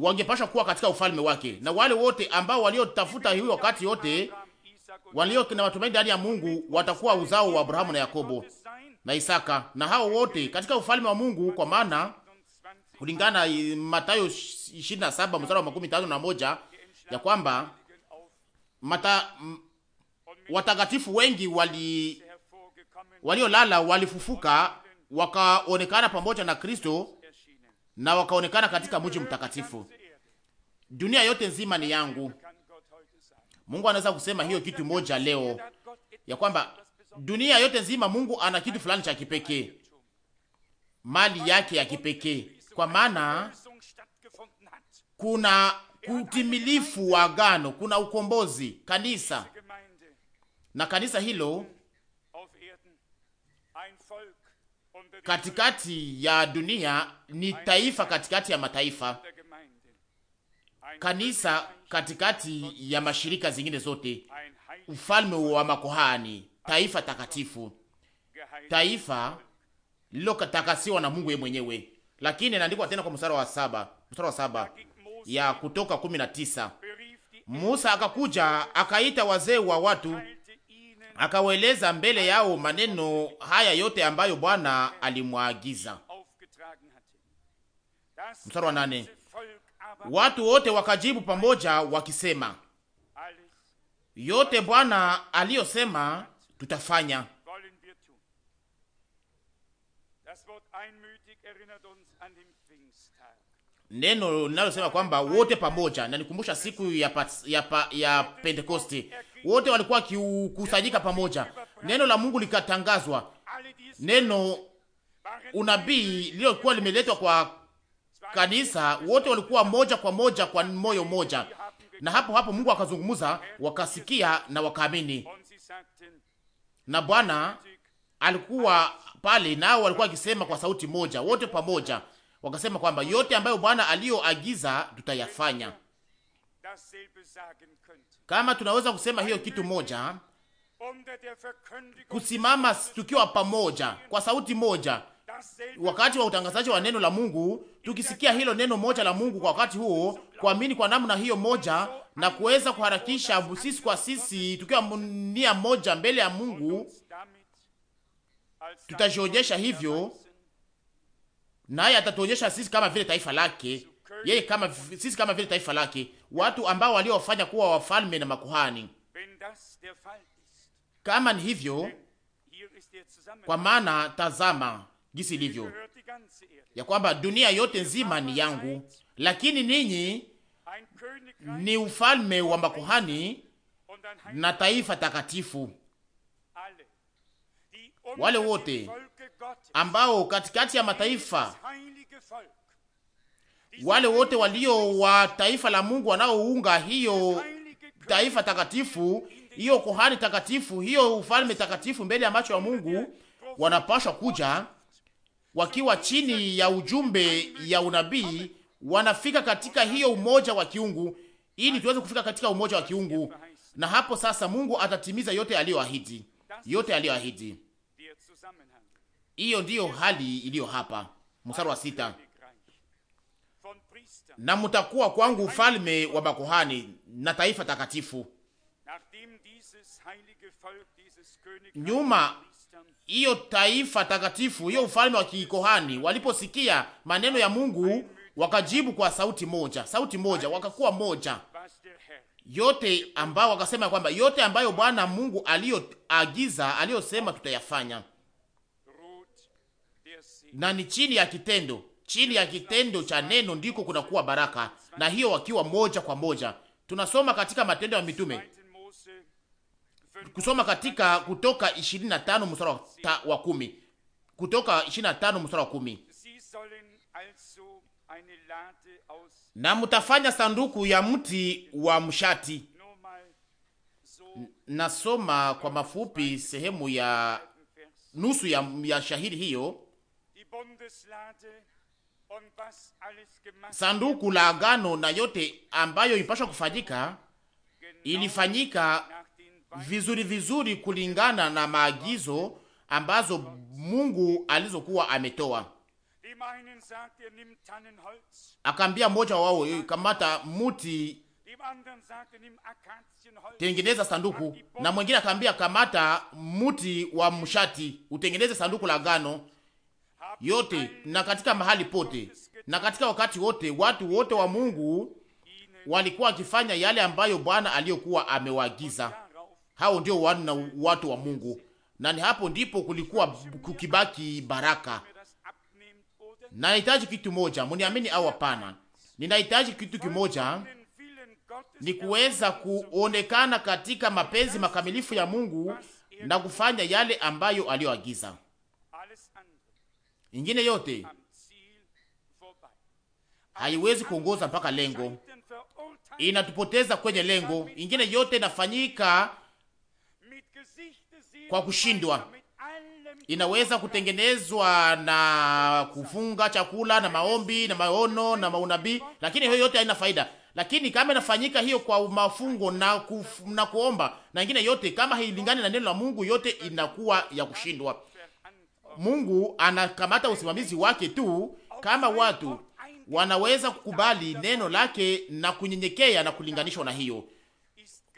wangepashwa kuwa katika ufalme wake, na wale wote ambao waliotafuta hiyo wakati yote walio na matumaini ndani ya Mungu watakuwa uzao wa Abrahamu na Yakobo na Isaka, na hao wote katika ufalme wa Mungu, kwa maana kulingana na Mathayo 27 mstari wa moja ya kwamba mata watakatifu wengi wali waliolala walifufuka wakaonekana pamoja na Kristo na wakaonekana katika mji mtakatifu. Dunia yote nzima ni yangu. Mungu anaweza kusema hiyo kitu moja leo ya kwamba dunia yote nzima Mungu ana kitu fulani cha kipekee, mali yake ya kipekee, kwa maana kuna utimilifu wa agano, kuna ukombozi kanisa, na kanisa hilo katikati ya dunia ni taifa katikati ya mataifa, kanisa katikati ya mashirika zingine zote, ufalme wa makohani, taifa takatifu, taifa lilotakasiwa na Mungu yeye mwenyewe. Lakini inaandikwa tena kwa mstari wa saba, mstari wa saba ya Kutoka kumi na tisa Musa akakuja akaita wazee wa watu akawaeleza mbele yao maneno haya yote ambayo Bwana alimwaagiza. Mstari wa nane, watu wote wakajibu pamoja wakisema, yote Bwana aliyosema tutafanya neno linalosema kwamba wote pamoja, na nikumbusha siku ya, pa, ya, pa, ya Pentekoste, wote walikuwa wakikusanyika pamoja, neno la Mungu likatangazwa, neno unabii liliokuwa limeletwa kwa kanisa, wote walikuwa moja kwa moja kwa moyo moja, na hapo hapo Mungu akazungumza, wakasikia na wakaamini, na Bwana alikuwa pale nao walikuwa wakisema kwa sauti moja, wote pamoja wakasema kwamba yote ambayo Bwana aliyoagiza tutayafanya. Kama tunaweza kusema hiyo kitu moja, kusimama tukiwa pamoja kwa sauti moja wakati wa utangazaji wa neno la Mungu, tukisikia hilo neno moja la Mungu kwa wakati huo, kuamini kwa namna hiyo moja na kuweza kuharakisha sisi kwa sisi, tukiwa nia moja mbele ya Mungu, tutajionyesha hivyo naye atatuonyesha sisi kama vile taifa lake, yeye kama sisi kama vile taifa lake, watu ambao waliowafanya kuwa wafalme na makuhani. Kama ni hivyo, kwa maana tazama jinsi ilivyo ya kwamba dunia yote nzima ni yangu, lakini ninyi ni ufalme wa makuhani na taifa takatifu. Wale wote ambao katikati ya mataifa wale wote walio wa taifa la Mungu wanaounga hiyo taifa takatifu, hiyo kohani takatifu, hiyo ufalme takatifu mbele ya macho ya Mungu, wanapashwa kuja wakiwa chini ya ujumbe ya unabii, wanafika katika hiyo umoja wa kiungu, ili tuweze kufika katika umoja wa kiungu, na hapo sasa Mungu atatimiza yote aliyoahidi, yote aliyoahidi. Hiyo ndiyo hali iliyo hapa. Mstari wa sita, na mutakuwa kwangu ufalme wa makuhani na taifa takatifu. Nyuma hiyo taifa takatifu, hiyo ufalme wa kikohani waliposikia maneno ya Mungu wakajibu kwa sauti moja, sauti moja, wakakuwa moja yote ambao wakasema kwamba yote ambayo Bwana Mungu aliyoagiza aliyosema tutayafanya na ni chini ya kitendo, chini ya kitendo cha neno ndiko kunakuwa baraka, na hiyo wakiwa moja kwa moja. Tunasoma katika Matendo ya Mitume, kusoma katika Kutoka 25 mstari wa 10, Kutoka 25 mstari wa 10 na mutafanya sanduku ya mti wa mshati. Nasoma kwa mafupi sehemu ya nusu ya, ya shahiri hiyo sanduku la agano na yote ambayo ipasha kufanyika ilifanyika vizuri vizuri kulingana na maagizo ambazo Mungu alizokuwa ametoa. Akaambia mmoja wao, kamata muti tengeneza sanduku, na mwingine akaambia, kamata muti wa mshati utengeneze sanduku la agano yote na katika mahali pote na katika wakati wote, watu wote wa Mungu walikuwa wakifanya yale ambayo Bwana aliyokuwa amewaagiza. Hao ndio wana watu wa Mungu, na ni hapo ndipo kulikuwa kukibaki baraka. Nahitaji kitu moja, mniamini au hapana? Ninahitaji kitu kimoja, ni kuweza kuonekana katika mapenzi makamilifu ya Mungu na kufanya yale ambayo aliyoagiza ingine yote haiwezi kuongoza mpaka lengo, inatupoteza kwenye lengo. Ingine yote inafanyika kwa kushindwa, inaweza kutengenezwa na kufunga chakula na maombi na maono na maunabii, lakini hiyo yote haina faida. Lakini kama inafanyika hiyo kwa mafungo na, na kuomba na ingine yote, kama hailingani na neno la Mungu, yote inakuwa ya kushindwa. Mungu anakamata usimamizi wake tu kama watu wanaweza kukubali neno lake na kunyenyekea na kulinganishwa na hiyo,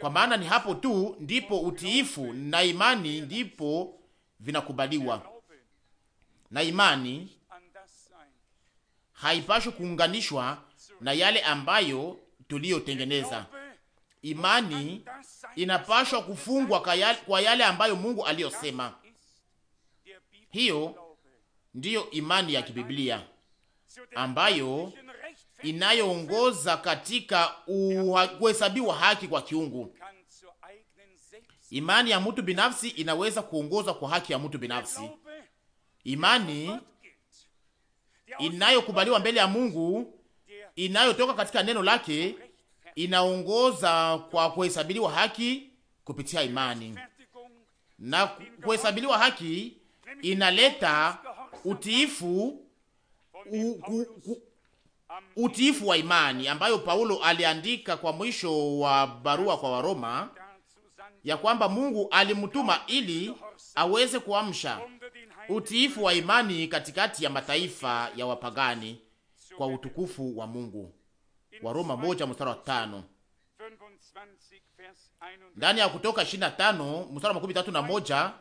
kwa maana ni hapo tu ndipo utiifu na imani ndipo vinakubaliwa, na imani haipashwi kuunganishwa na yale ambayo tuliyotengeneza. Imani inapashwa kufungwa kwa yale ambayo Mungu aliyosema. Hiyo ndiyo imani ya kibiblia ambayo inayoongoza katika kuhesabiwa haki kwa kiungu. Imani ya mtu binafsi inaweza kuongozwa kwa haki ya mtu binafsi. Imani inayokubaliwa mbele ya Mungu, inayotoka katika neno lake, inaongoza kwa kuhesabiliwa haki kupitia imani, na kuhesabiliwa haki inaleta utiifu utiifu wa imani ambayo Paulo aliandika kwa mwisho wa barua kwa Waroma ya kwamba Mungu alimtuma ili aweze kuamsha utiifu wa imani katikati ya mataifa ya wapagani kwa utukufu wa Mungu. Waroma moja mstari wa tano. Ndani ya Kutoka 25 mstari wa makumi tatu na moja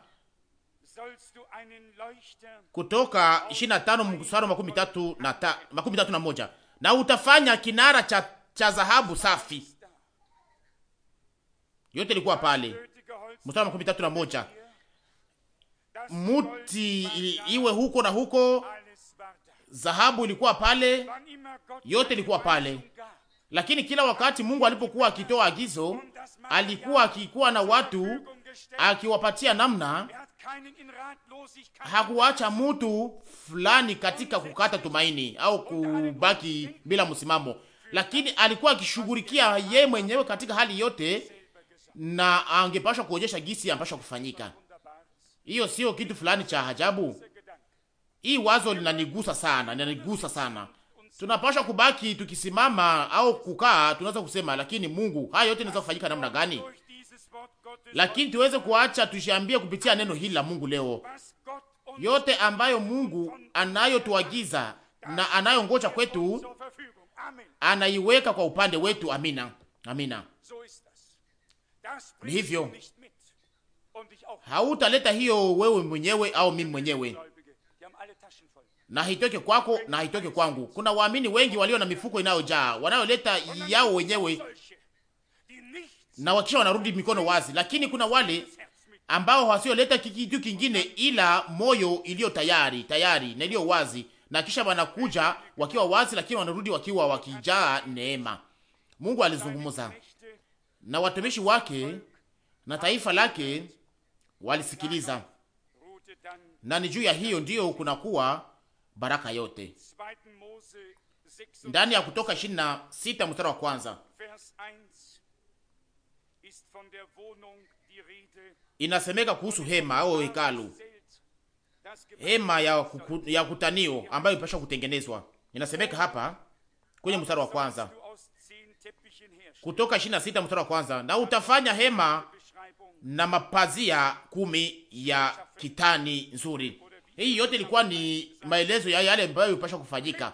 kutoka 25 mstari makumi tatu na ta, makumi tatu na moja. Na utafanya kinara cha, cha dhahabu safi. Yote ilikuwa pale. Mstari makumi tatu na moja. Muti iwe huko na huko, dhahabu ilikuwa pale, yote ilikuwa pale. Lakini kila wakati Mungu alipokuwa akitoa agizo, alikuwa akikuwa na watu akiwapatia namna hakuacha mtu fulani katika kukata tumaini au kubaki bila msimamo, lakini alikuwa akishughulikia yeye mwenyewe katika hali yote, na angepashwa kuonyesha gisi ampashwa kufanyika. Hiyo sio kitu fulani cha ajabu. Hii wazo linanigusa sana, linanigusa sana. Tunapashwa kubaki tukisimama au kukaa, tunaweza kusema lakini Mungu, haya yote inaweza kufanyika namna gani? lakini tuweze kuacha tushiambie kupitia neno hili la Mungu leo yote ambayo Mungu anayotuagiza na anayongoja kwetu anaiweka kwa upande wetu. Amina, amina. Ni hivyo, hautaleta hiyo wewe mwenyewe au mimi mwenyewe, na haitoke kwako na haitoke kwangu. Kuna waamini wengi walio na mifuko inayojaa wanayoleta yao wenyewe na wakisha wanarudi mikono wazi, lakini kuna wale ambao wasioleta kitu kingine ila moyo iliyo tayari tayari na iliyo wazi, na kisha wanakuja wakiwa wazi, lakini wanarudi wakiwa wakijaa neema. Mungu alizungumza na watumishi wake na taifa lake walisikiliza, na ni juu ya hiyo ndiyo kunakuwa baraka yote ndani ya Kutoka ishirini na sita mstari wa kwanza Inasemeka kuhusu hema au hekalu, hema ya, kuku, ya kutanio ambayo ipasha kutengenezwa. Inasemeka hapa kwenye mstari wa kwanza Kutoka 26 mstari wa kwanza, na utafanya hema na mapazia kumi ya kitani nzuri. Hii yote ilikuwa ni maelezo ya yale ambayo ipasha kufanyika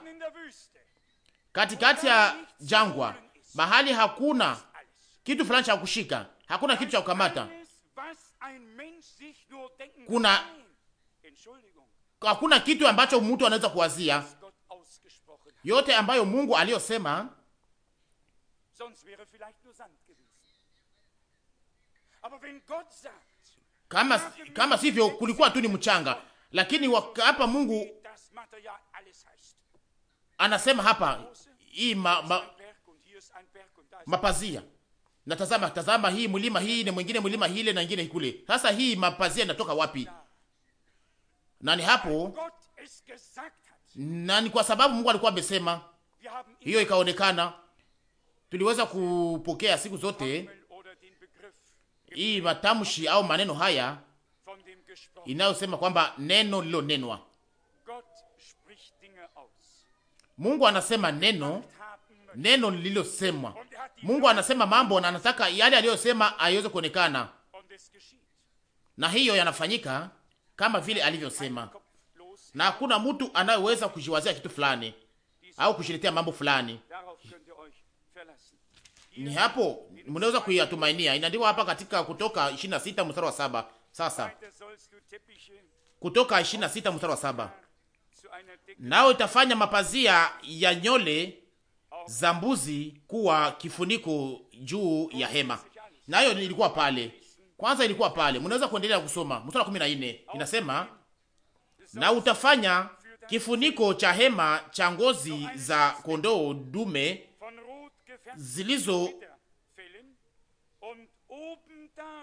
katikati ya jangwa, mahali hakuna kitu fulani cha kushika hakuna kitu cha kukamata, kuna hakuna kitu ambacho mtu anaweza kuwazia. Yote ambayo Mungu aliyosema kama, kama sivyo kulikuwa tu ni mchanga, lakini hapa Mungu anasema hapa hii ma, ma, mapazia na tazama, tazama hii mlima hii na mwingine mlima hile na ingine kule. Sasa hii mapazia inatoka wapi? nani hapo, Nani? kwa sababu Mungu alikuwa amesema, hiyo ikaonekana. Tuliweza kupokea siku zote hii matamshi au maneno haya inayosema kwamba neno lilonenwa Mungu anasema neno neno lililosemwa. Mungu anasema mambo na anataka yale aliyosema aiweze kuonekana, na hiyo yanafanyika kama vile alivyosema, na hakuna mtu anayeweza kujiwazia kitu fulani au kujiletea mambo fulani. Ni hapo mnaweza kuyatumainia. Inaandikwa hapa katika Kutoka 26 mstari wa saba. Sasa Kutoka 26 mstari wa saba, nao itafanya mapazia ya nyole za mbuzi kuwa kifuniko juu ya hema, hiyo ilikuwa pale kwanza, ilikuwa pale. Mnaweza kuendelea kusoma mstari wa 14, inasema na utafanya kifuniko cha hema cha ngozi za kondoo dume zilizo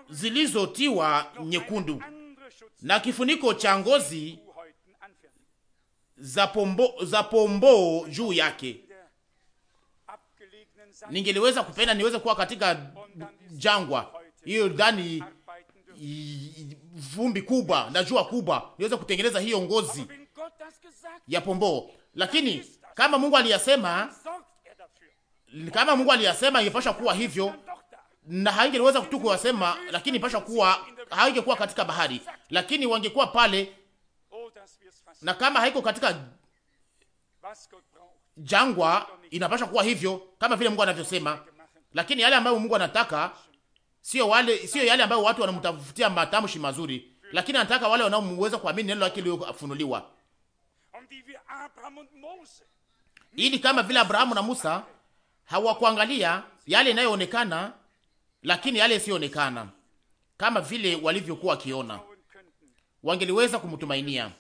zilizotiwa nyekundu na kifuniko cha ngozi za pombo, za pombo juu yake ningeliweza kupenda niweze kuwa katika jangwa hiyo ndani vumbi kubwa na jua kubwa, niweze kutengeneza hiyo ngozi ya pomboo. Lakini kama Mungu aliyasema, kama Mungu aliyasema, ingepasha kuwa hivyo, na haingeweza tu kuwasema, lakini pasha kuwa haingekuwa katika bahari, lakini wangekuwa pale, na kama haiko katika jangwa inapaswa kuwa hivyo kama vile Mungu anavyosema, lakini yale ambayo Mungu anataka sio wale, sio yale ambayo watu wanamtafutia matamshi mazuri, lakini anataka wale wanaomweza kuamini neno lake lililofunuliwa, ili kama vile Abrahamu na Musa hawakuangalia yale inayoonekana, lakini yale isiyoonekana, kama vile walivyokuwa wakiona, wangeliweza kumtumainia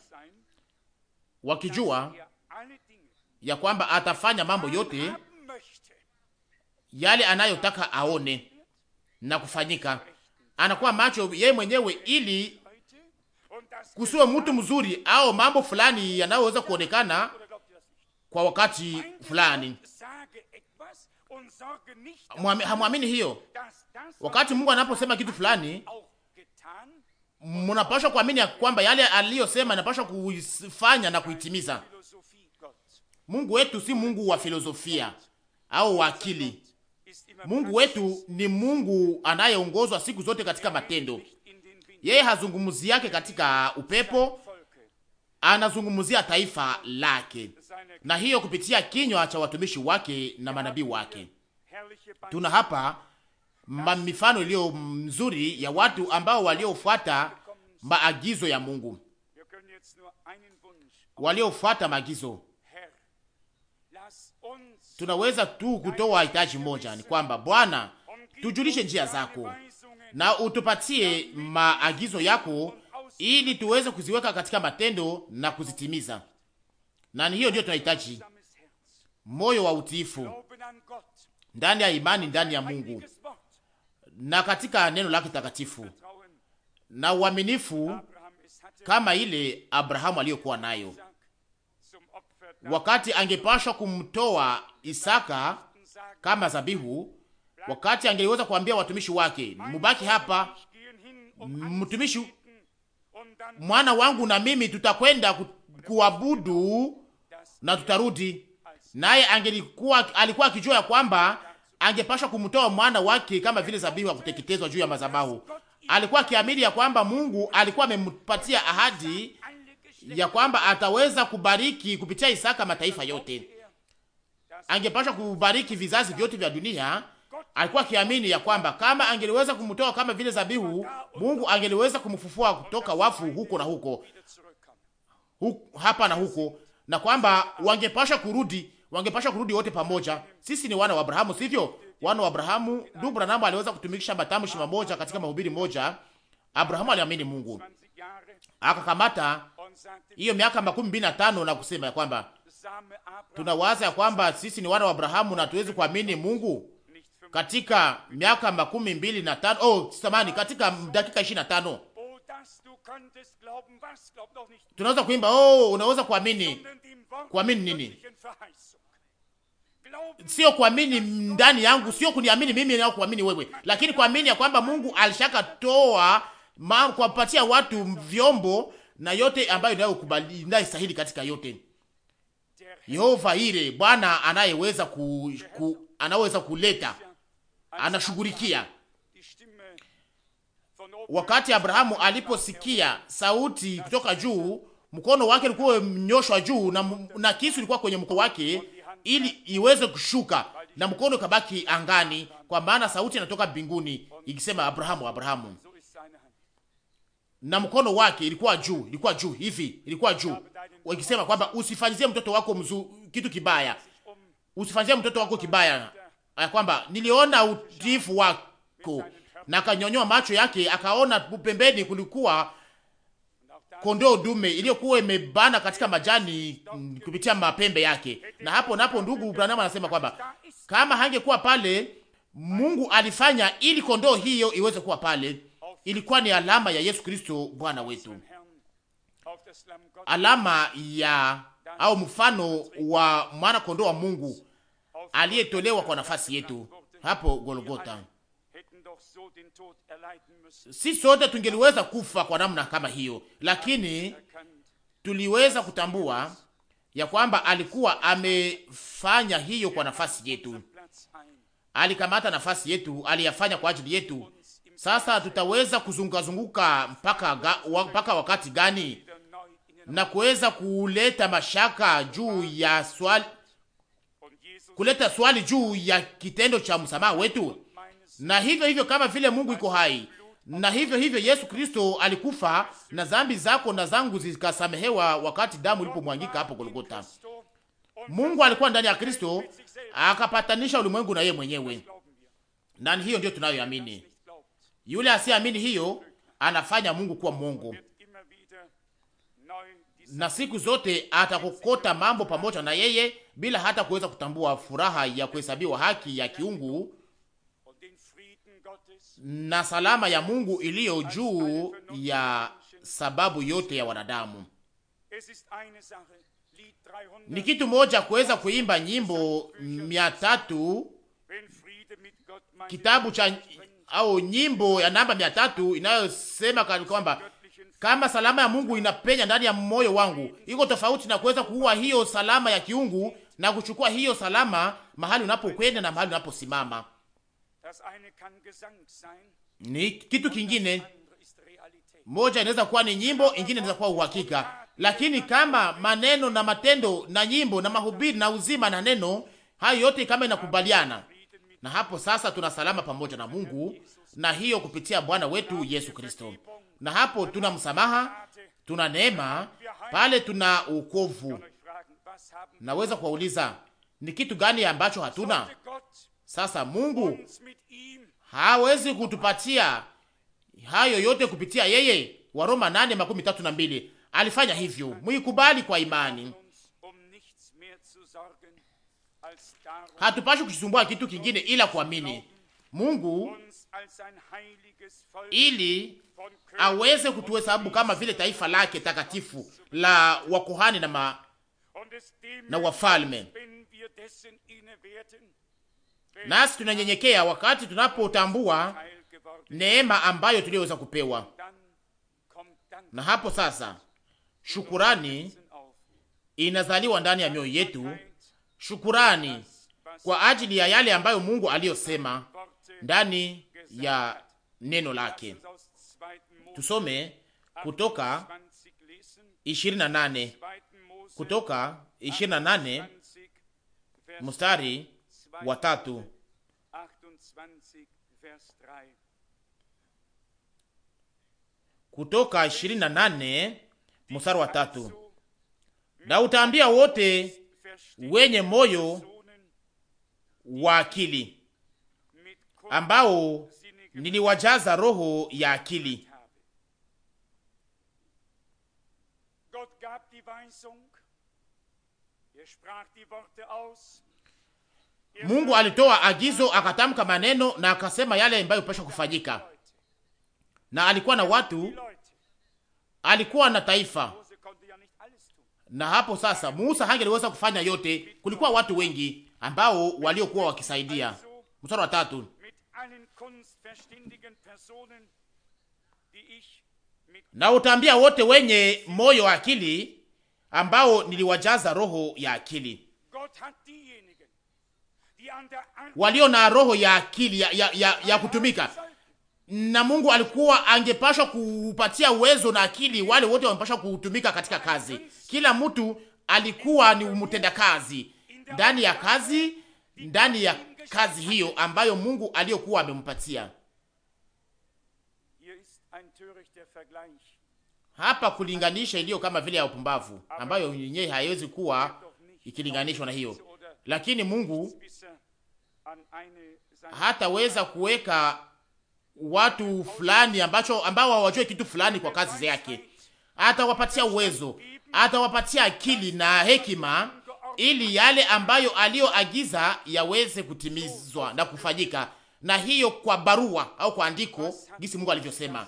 wakijua ya kwamba atafanya mambo yote yale anayotaka aone na kufanyika. Anakuwa macho yeye mwenyewe ili kusiwe mtu mzuri au mambo fulani yanayoweza kuonekana kwa wakati fulani. Hamwamini hiyo? Wakati Mungu anaposema kitu fulani, mnapaswa kuamini kwamba yale aliyosema anapaswa kuifanya na kuitimiza. Mungu wetu si Mungu wa filozofia au wa akili. Mungu wetu ni Mungu anayeongozwa siku zote katika matendo. Yeye hazungumzi yake katika upepo, anazungumzia taifa lake, na hiyo kupitia kinywa cha watumishi wake na manabii wake. Tuna hapa mifano iliyo mzuri ya watu ambao waliofuata maagizo ya Mungu, waliofuata maagizo tunaweza tu kutoa hitaji moja, ni kwamba Bwana, tujulishe njia zako na utupatie maagizo yako ili tuweze kuziweka katika matendo na kuzitimiza. Na hiyo ndio tunahitaji, moyo wa utiifu ndani ya imani, ndani ya Mungu na katika neno lake takatifu na uaminifu, kama ile Abrahamu aliyokuwa nayo wakati angepashwa kumtoa Isaka kama zabihu, wakati angeliweza kuambia watumishi wake, mubaki hapa, mtumishi mwana wangu na mimi tutakwenda kuabudu na tutarudi. Naye angelikuwa alikuwa akijua ya kwamba angepashwa kumtoa mwana wake kama vile zabihu ya kuteketezwa juu ya mazabahu. Alikuwa akiamini ya kwamba Mungu alikuwa amempatia ahadi ya kwamba ataweza kubariki kupitia Isaka mataifa yote angepashwa kubariki vizazi vyote vya dunia. Alikuwa akiamini ya kwamba kama angeliweza kumtoa kama vile zabihu, Mungu angeliweza kumfufua kutoka wafu huko na huko, huko hapa na huko, na kwamba wangepasha kurudi, wangepasha kurudi wote pamoja. Sisi ni wana wa Abrahamu, sivyo? Wana wa Abrahamu. Ndugu Branham aliweza kutumikisha matamshi mamoja katika mahubiri moja. Abrahamu aliamini Mungu, akakamata hiyo miaka makumi mbili na tano na kusema ya kwamba Tunawaza ya kwamba sisi ni wana wa Abrahamu na tuwezi kuamini Mungu katika miaka makumi mbili na tano oh, samani katika dakika ishirini na tano tunaweza kuimba oh, unaweza kuamini. Kuamini nini? Sio kuamini ndani yangu, sio kuniamini mimi au kuamini wewe, lakini kuamini ya kwamba Mungu alishaka toa kuwapatia watu vyombo na yote ambayo inayostahili katika yote Yehova ile Bwana anayeweza ku, ku, anaweza kuleta, anashughulikia. Wakati Abrahamu aliposikia sauti kutoka juu, mkono wake ulikuwa mnyoshwa juu na, na kisu ilikuwa kwenye mkono wake ili iweze kushuka na mkono kabaki angani, kwa maana sauti inatoka mbinguni ikisema, Abrahamu, Abrahamu na mkono wake ilikuwa juu, ilikuwa juu hivi, ilikuwa juu, wakisema kwamba usifanyizie mtoto wako mzu, kitu kibaya, usifanyizie mtoto wako kibaya, ya kwamba niliona utiifu wako. Na akanyonyoa macho yake, akaona pembeni kulikuwa kondoo dume iliyokuwa imebana katika majani mm, kupitia mapembe yake. Na hapo napo, ndugu Branham anasema kwamba kama hangekuwa pale, Mungu alifanya ili kondoo hiyo iweze kuwa pale ilikuwa ni alama ya Yesu Kristo Bwana wetu, alama ya au mfano wa mwana kondoo wa Mungu aliyetolewa kwa nafasi yetu hapo Golgotha. Si sote tungeliweza kufa kwa namna kama hiyo, lakini tuliweza kutambua ya kwamba alikuwa amefanya hiyo kwa nafasi yetu, alikamata nafasi yetu, aliyafanya kwa ajili yetu sasa tutaweza kuzungukazunguka mpaka, mpaka wakati gani na kuweza kuleta mashaka juu ya swali, kuleta swali juu ya kitendo cha msamaha wetu? Na hivyo hivyo kama vile Mungu iko hai na hivyo hivyo Yesu Kristo alikufa na dhambi zako na zangu zikasamehewa wakati damu ilipomwangika hapo Golgotha. Mungu alikuwa ndani ya Kristo akapatanisha ulimwengu na yeye mwenyewe, na hiyo ndio tunayoamini. Yule asiamini hiyo anafanya Mungu kuwa mwongo, na siku zote atakokota mambo pamoja na yeye bila hata kuweza kutambua furaha ya kuhesabiwa haki ya kiungu na salama ya Mungu iliyo juu ya sababu yote ya wanadamu. Ni kitu moja kuweza kuimba nyimbo mia tatu kitabu cha au nyimbo ya namba mia tatu inayosema kwamba kama salama ya Mungu inapenya ndani ya moyo wangu, iko tofauti na kuweza kuua hiyo salama ya kiungu na kuchukua hiyo salama mahali unapokwenda na mahali unaposimama. Ni kitu kingine, moja inaweza kuwa ni nyimbo, ingine inaweza kuwa uhakika, lakini kama maneno na matendo na nyimbo na mahubiri na uzima na neno, hayo yote kama inakubaliana na hapo sasa tuna salama pamoja na Mungu, na hiyo kupitia Bwana wetu Yesu Kristo. Na hapo tuna msamaha, tuna neema, pale tuna ukovu. Naweza kuwauliza ni kitu gani ambacho hatuna? Sasa Mungu hawezi kutupatia hayo yote kupitia yeye. Waroma nane makumi tatu na mbili alifanya hivyo, mwikubali kwa imani. Hatupashi kujisumbua kitu kingine ila kuamini Mungu ili aweze kutuhesabu kama vile taifa lake takatifu la wakuhani na, ma, na wafalme. Nasi tunanyenyekea wakati tunapotambua neema ambayo tuliyoweza kupewa, na hapo sasa shukurani inazaliwa ndani ya mioyo yetu, shukurani kwa ajili ya yale ambayo Mungu aliyosema ndani ya neno lake. Tusome Kutoka 28 Kutoka 28 mstari wa tatu Kutoka 28 mstari wa tatu na utaambia wote wenye moyo wa akili ambao niliwajaza roho ya akili. Er er Mungu alitoa agizo, akatamka maneno na akasema yale ambayo pasha kufanyika, na alikuwa na watu, alikuwa na taifa. Na hapo sasa, Musa hangeliweza kufanya yote, kulikuwa watu wengi ambao waliokuwa wakisaidia. Mstari wa tatu na utaambia wote wenye moyo wa akili ambao niliwajaza roho ya akili. Walio na roho ya akili ya, ya, ya, ya kutumika na Mungu, alikuwa angepashwa kupatia uwezo na akili wale wote wamepashwa kutumika katika kazi. Kila mtu alikuwa ni mtendakazi, ndani ya kazi, ndani ya kazi hiyo ambayo Mungu aliyokuwa amempatia. Hapa kulinganisha iliyo kama vile ya upumbavu ambayo yenyewe haiwezi kuwa ikilinganishwa na hiyo, lakini Mungu hataweza kuweka watu fulani ambacho ambao hawajue kitu fulani kwa kazi yake. Atawapatia uwezo, atawapatia akili na hekima ili yale ambayo aliyoagiza yaweze kutimizwa na kufanyika, na hiyo kwa barua au kwa andiko, jinsi Mungu alivyosema.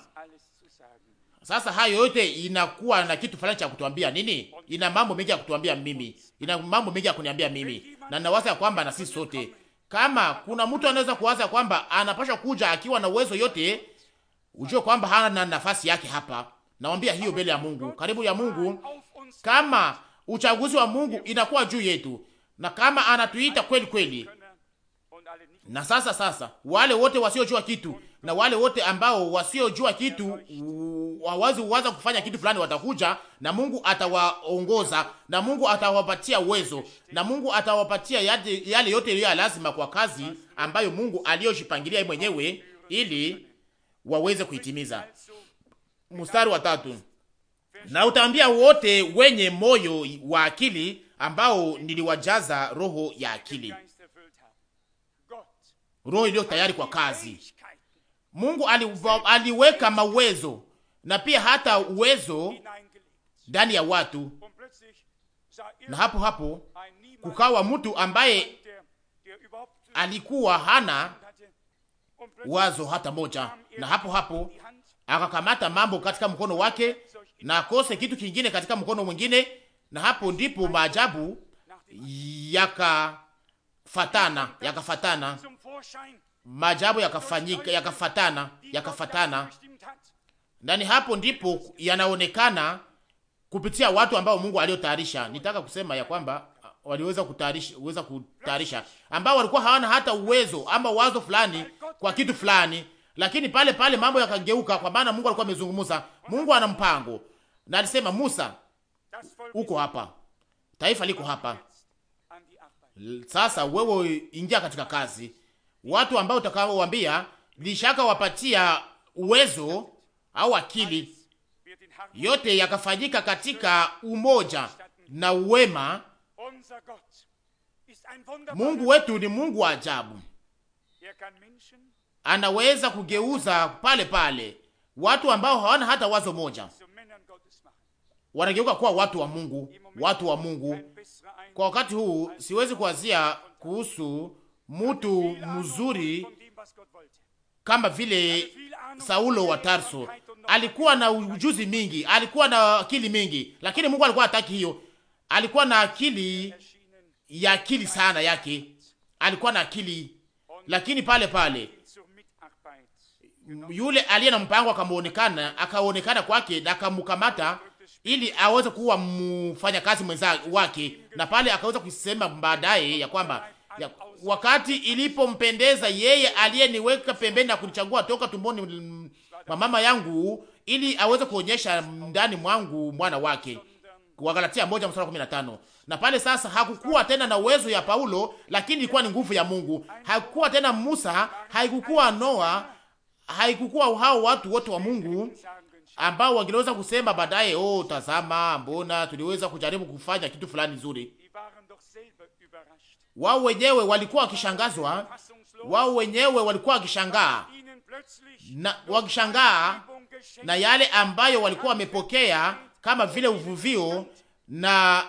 Sasa hayo yote inakuwa na kitu fulani cha kutuambia nini? Ina mambo mengi ya kutuambia mimi, ina mambo mengi ya kuniambia mimi, na ninawaza ya kwamba na sisi sote, kama kuna mtu anaweza kuwaza kwamba anapaswa kuja akiwa na uwezo yote, ujue kwamba hana nafasi yake hapa. Nawambia hiyo mbele ya Mungu, karibu ya Mungu, kama uchaguzi wa Mungu inakuwa juu yetu, na kama anatuita kweli kweli. Na sasa sasa, wale wote wasiojua kitu na wale wote ambao wasiojua kitu wawazi uwaza kufanya kitu fulani, watakuja na Mungu atawaongoza, na Mungu atawapatia uwezo, na Mungu atawapatia yale yote iliyo ya lazima kwa kazi ambayo Mungu aliyojipangilia mwenyewe ili waweze kuitimiza. Mstari wa tatu na utaambia wote wenye moyo wa akili ambao niliwajaza roho ya akili, roho iliyo tayari kwa kazi. Mungu aliweka mawezo na pia hata uwezo ndani ya watu, na hapo hapo kukawa mtu ambaye alikuwa hana wazo hata moja, na hapo hapo akakamata mambo katika mkono wake na akose kitu kingine katika mkono mwingine, na hapo ndipo maajabu yakafatana, yakafatana, maajabu yakafanyika, yakafatana, yakafatana. Nani, hapo ndipo yanaonekana kupitia watu ambao Mungu aliotayarisha. Nitaka kusema ya kwamba uh, waliweza kutayarisha, uweza kutayarisha ambao walikuwa hawana hata uwezo ama wazo fulani kwa kitu fulani, lakini pale pale mambo yakageuka, kwa maana Mungu alikuwa amezungumza. Mungu ana mpango, na alisema, Musa uko hapa, taifa liko hapa, sasa wewe ingia katika kazi. Watu ambao utakaowaambia lishaka wapatia uwezo au akili, yote yakafanyika katika umoja na uwema. Mungu wetu ni Mungu wa ajabu, anaweza kugeuza pale pale watu ambao hawana hata wazo moja wanageuka kuwa watu wa Mungu, watu wa Mungu. Kwa wakati huu siwezi kuwazia kuhusu mtu mzuri kama vile Saulo wa Tarso. Alikuwa na ujuzi mingi, alikuwa na akili mingi, lakini Mungu alikuwa hataki hiyo. Alikuwa na akili ya akili sana yake, alikuwa na akili, lakini pale pale yule aliye na mpango akamuonekana, akaonekana kwake na akamukamata ili aweze kuwa mfanyakazi mwenza wake, na pale akaweza kusema baadaye ya kwamba ya, wakati ilipompendeza yeye aliyeniweka pembeni na kunichagua toka tumboni mwa mama yangu, ili aweze kuonyesha ndani mwangu mwana wake. Wagalatia moja na Na pale sasa hakukuwa tena na uwezo ya Paulo, lakini ilikuwa ni nguvu ya Mungu. Hakukuwa tena Musa, haikukuwa Noa, haikukuwa hao watu wote wa Mungu, ambao wangeweza kusema baadaye, oh, tazama, mbona tuliweza kujaribu kufanya kitu fulani nzuri. Wao wenyewe walikuwa wakishangazwa, wao wenyewe walikuwa wakishangaa na wakishangaa na yale ambayo walikuwa wamepokea kama vile uvuvio na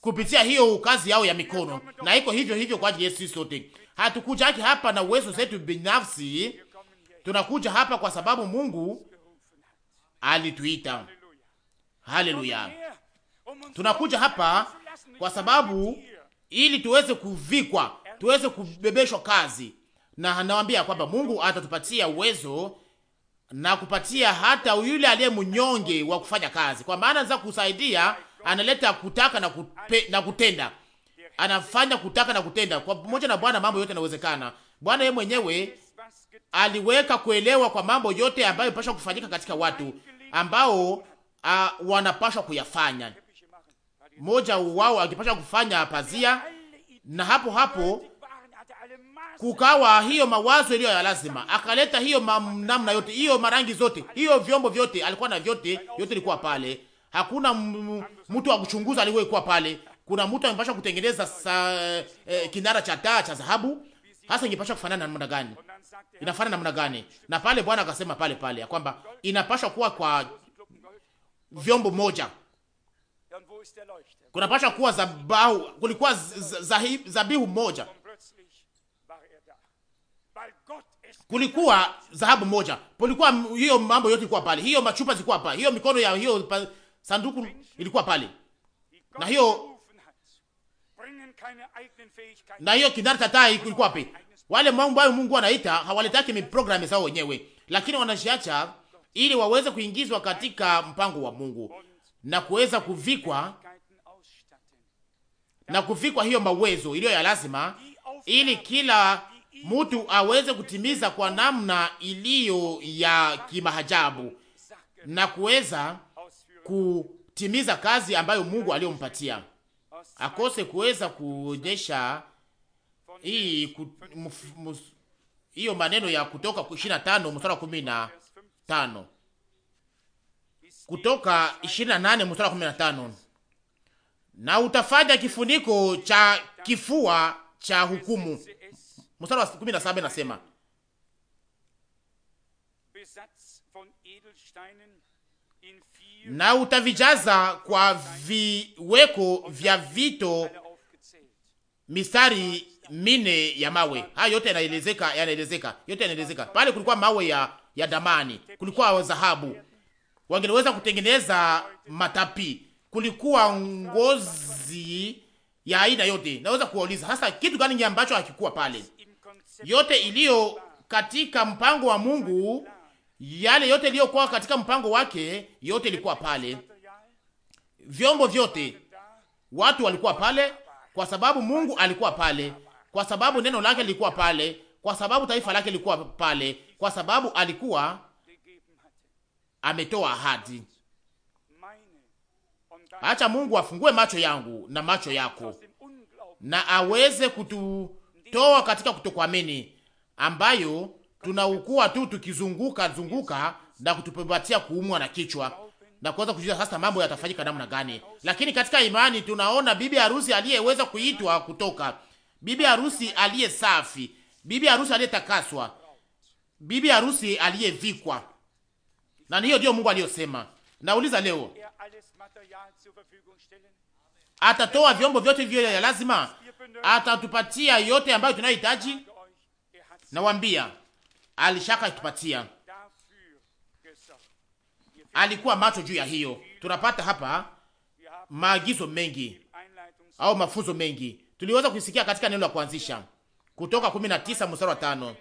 kupitia hiyo kazi yao ya mikono, na iko hivyo hivyo kwa ajili yetu sote. Hatukujaki hapa na uwezo zetu binafsi Tunakuja hapa kwa sababu Mungu alituita. Haleluya! Tunakuja hapa kwa sababu ili tuweze kuvikwa, tuweze kubebeshwa kazi, na nawaambia kwamba Mungu atatupatia uwezo na kupatia hata yule aliye mnyonge wa kufanya kazi, kwa maana za kusaidia, analeta kutaka na, kupe, na kutenda, anafanya kutaka na kutenda. Kwa pamoja na Bwana mambo yote yanawezekana. Bwana yeye mwenyewe aliweka kuelewa kwa mambo yote ambayo pasha kufanyika katika watu ambao a, ah, wanapaswa kuyafanya. Mmoja wao akipasha kufanya pazia, na hapo hapo kukawa hiyo mawazo iliyo ya lazima, akaleta hiyo namna yote, hiyo marangi zote, hiyo vyombo vyote, alikuwa na vyote, yote ilikuwa pale. Hakuna mtu wa kuchunguza aliyekuwa pale. Kuna mtu amepasha kutengeneza sa, eh, kinara cha taa cha dhahabu, hasa ingepasha kufanana na namna gani? inafana namna gani? Na pale Bwana akasema pale pale ya kwamba inapasha kuwa kwa vyombo moja, kunapasha kuwa zabahu, kulikuwa zabihu moja, kulikuwa dhahabu moja, kulikuwa hiyo mambo yote ilikuwa pale, hiyo machupa zilikuwa pale, hiyo mikono ya hiyo pa, sanduku ilikuwa pale, na hiyo na hiyo kinara tatai ilikuwa pale wale mambo ambayo Mungu anaita hawaletaki miprogramu zao wenyewe, lakini wanashiacha ili waweze kuingizwa katika mpango wa Mungu na kuweza kuvikwa na kuvikwa hiyo mawezo iliyo ya lazima, ili kila mtu aweze kutimiza kwa namna iliyo ya kimahajabu na kuweza kutimiza kazi ambayo Mungu aliyompatia, akose kuweza kuonyesha hii hiyo maneno ya Kutoka 25 mstari wa 15, Kutoka 28 mstari wa 15, na utafanya kifuniko cha kifua cha hukumu. Mstari wa 17 nasema na utavijaza kwa viweko vya vito mistari mine ya mawe. Hayo yote yanaelezeka, yanaelezeka, yote yanaelezeka. Pale kulikuwa mawe ya ya damani, kulikuwa dhahabu, wangeweza kutengeneza matapi, kulikuwa ngozi ya aina yote. Naweza kuwauliza hasa kitu gani ambacho hakikuwa pale? Yote iliyo katika mpango wa Mungu, yale yote iliyokuwa katika mpango wake, yote ilikuwa pale, vyombo vyote, watu walikuwa pale kwa sababu Mungu alikuwa pale, kwa sababu neno lake lilikuwa pale, kwa sababu taifa lake lilikuwa pale, kwa sababu alikuwa ametoa ahadi. Acha Mungu afungue macho yangu na macho yako, na aweze kututoa katika kutokuamini ambayo tunaukuwa tu tukizunguka zunguka na kutupatia kuumwa na kichwa na kuweza kujua sasa mambo yatafanyika namna gani. Lakini katika imani tunaona bibi harusi aliyeweza kuitwa kutoka, bibi harusi aliye safi, bibi harusi aliyetakaswa, bibi harusi aliyevikwa, na hiyo ndio Mungu aliyosema. Nauliza leo, atatoa vyombo vyote vile vya lazima, atatupatia yote ambayo tunayohitaji. Nawambia alishaka tupatia alikuwa macho juu ya hiyo. Tunapata hapa maagizo mengi au mafunzo mengi tuliweza kuisikia katika neno la kuanzisha Kutoka 19 mstari wa 5.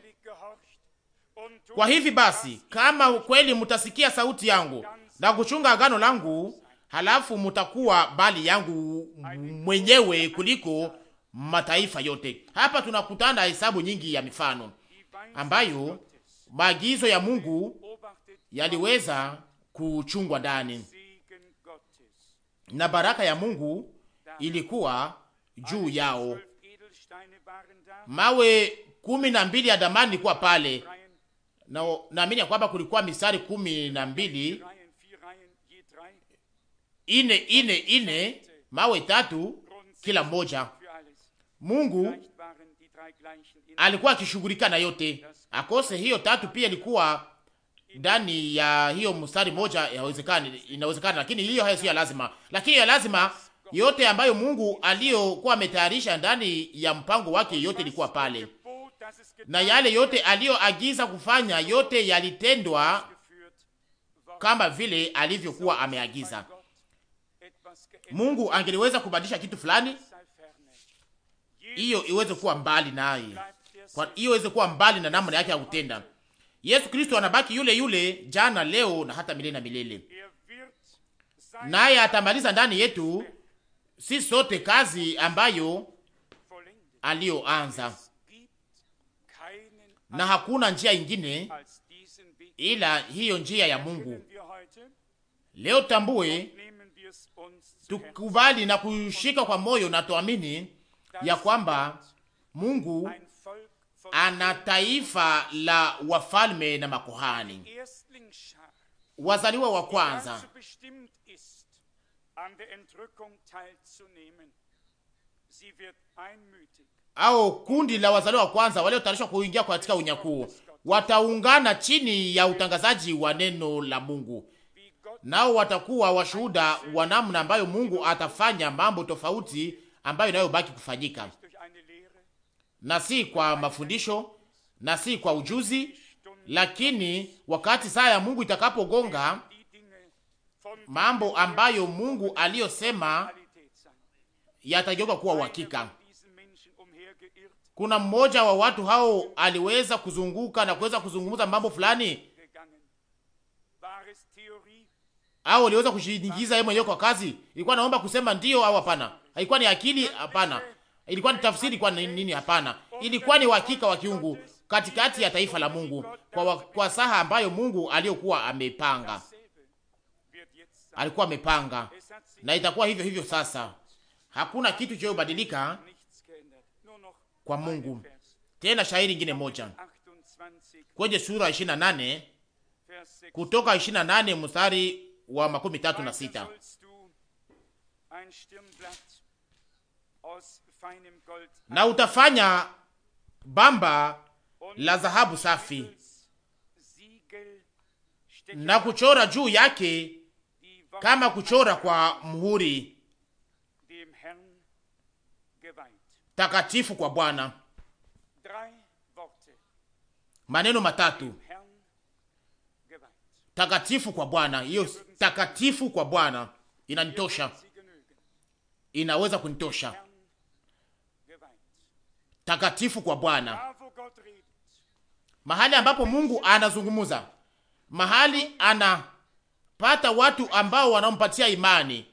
Kwa hivi basi, kama kweli mtasikia sauti yangu na kuchunga agano langu, halafu mtakuwa bali yangu mwenyewe kuliko mataifa yote. Hapa tunakutana hesabu nyingi ya mifano ambayo maagizo ya Mungu yaliweza kuchungwa ndani, na baraka ya Mungu ilikuwa juu yao. Mawe kumi na mbili ya damani ilikuwa pale, na naamini ya kwamba kulikuwa misari kumi na mbili ine ine ine, mawe tatu kila moja Mungu alikuwa akishughulika na yote, akose hiyo tatu pia ilikuwa ndani ya hiyo mstari moja yawezekani, inawezekana, lakini hiyo hayo sio lazima. Lakini ya lazima yote ambayo Mungu aliyokuwa ametayarisha ndani ya mpango wake, yote ilikuwa pale, na yale yote aliyoagiza kufanya, yote yalitendwa kama vile alivyokuwa ameagiza. Mungu angeliweza kubadilisha kitu fulani, hiyo iweze kuwa mbali naye, hiyo iweze kuwa mbali na namna yake ya kutenda Yesu Kristo anabaki yule yule jana, leo na hata milele na milele, naye atamaliza ndani yetu si sote kazi ambayo aliyoanza, na hakuna njia ingine ila hiyo njia ya Mungu. Eh? Leo tambue, tukubali na kushika kwa moyo na tuamini ya kwamba Mungu ana taifa la wafalme na makuhani, wazaliwa wa kwanza au kundi la wazaliwa wa kwanza waliotarishwa kuingia katika unyakuo wataungana chini ya utangazaji wa neno la Mungu, nao watakuwa washuhuda wa namna ambayo Mungu atafanya mambo tofauti ambayo inayobaki kufanyika na si kwa mafundisho na si kwa ujuzi, lakini wakati saa ya Mungu itakapogonga, mambo ambayo Mungu aliyosema yatageuka kuwa uhakika. Kuna mmoja wa watu hao aliweza kuzunguka na kuweza kuzungumza mambo fulani, au aliweza kujiingiza yeye mwenyewe kwa kazi. Ilikuwa naomba kusema ndio au hapana, haikuwa ni akili, hapana, Ilikuwa ni tafsiri kwa nini? Hapana, ilikuwa ni uhakika wa kiungu katikati ya taifa la Mungu kwa, kwa saha ambayo Mungu aliyokuwa amepanga, alikuwa amepanga, na itakuwa hivyo hivyo sasa. Hakuna kitu chobadilika kwa Mungu. Tena shairi ingine moja kwenye sura 28 kutoka 28 mstari wa makumi tatu na sita na utafanya bamba la dhahabu safi na kuchora juu yake kama kuchora kwa muhuri takatifu kwa Bwana. Maneno matatu takatifu kwa Bwana. Hiyo takatifu kwa Bwana inanitosha, inaweza kunitosha takatifu kwa Bwana, mahali ambapo Mungu anazungumuza, mahali anapata watu ambao wanampatia imani,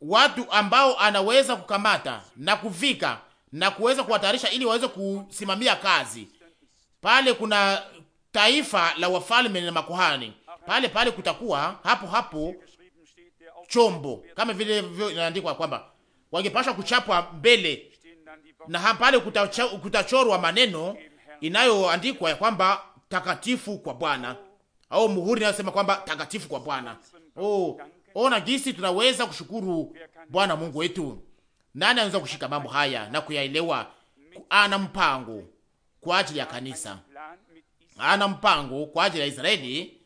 watu ambao anaweza kukamata na kuvika na kuweza kuwatayarisha ili waweze kusimamia kazi pale. Kuna taifa la wafalme na makuhani pale pale, kutakuwa hapo hapo chombo, kama vile vile inaandikwa kwamba wangepashwa kuchapwa mbele na hapale kutachorwa maneno inayoandikwa ya kwamba takatifu kwa Bwana au muhuri inayosema kwamba takatifu kwa Bwana. Oh, ona jinsi tunaweza kushukuru Bwana Mungu wetu. Nani anaweza kushika mambo haya na kuyaelewa? Ana mpango kwa ajili ya kanisa, ana mpango kwa ajili ya Israeli,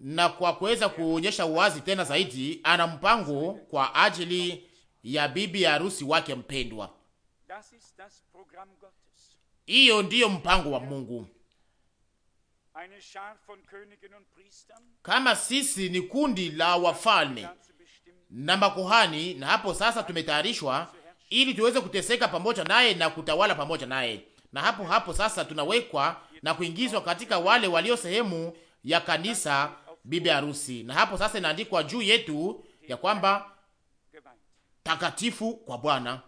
na kwa kuweza kuonyesha uwazi tena zaidi, ana mpango kwa ajili ya bibi ya harusi wake mpendwa. Hiyo ndiyo mpango wa Mungu. Kama sisi ni kundi la wafalme na makuhani, na hapo sasa tumetayarishwa ili tuweze kuteseka pamoja naye na kutawala pamoja naye, na hapo hapo sasa tunawekwa na kuingizwa katika wale walio sehemu ya kanisa bibi harusi, na hapo sasa inaandikwa juu yetu ya kwamba takatifu kwa Bwana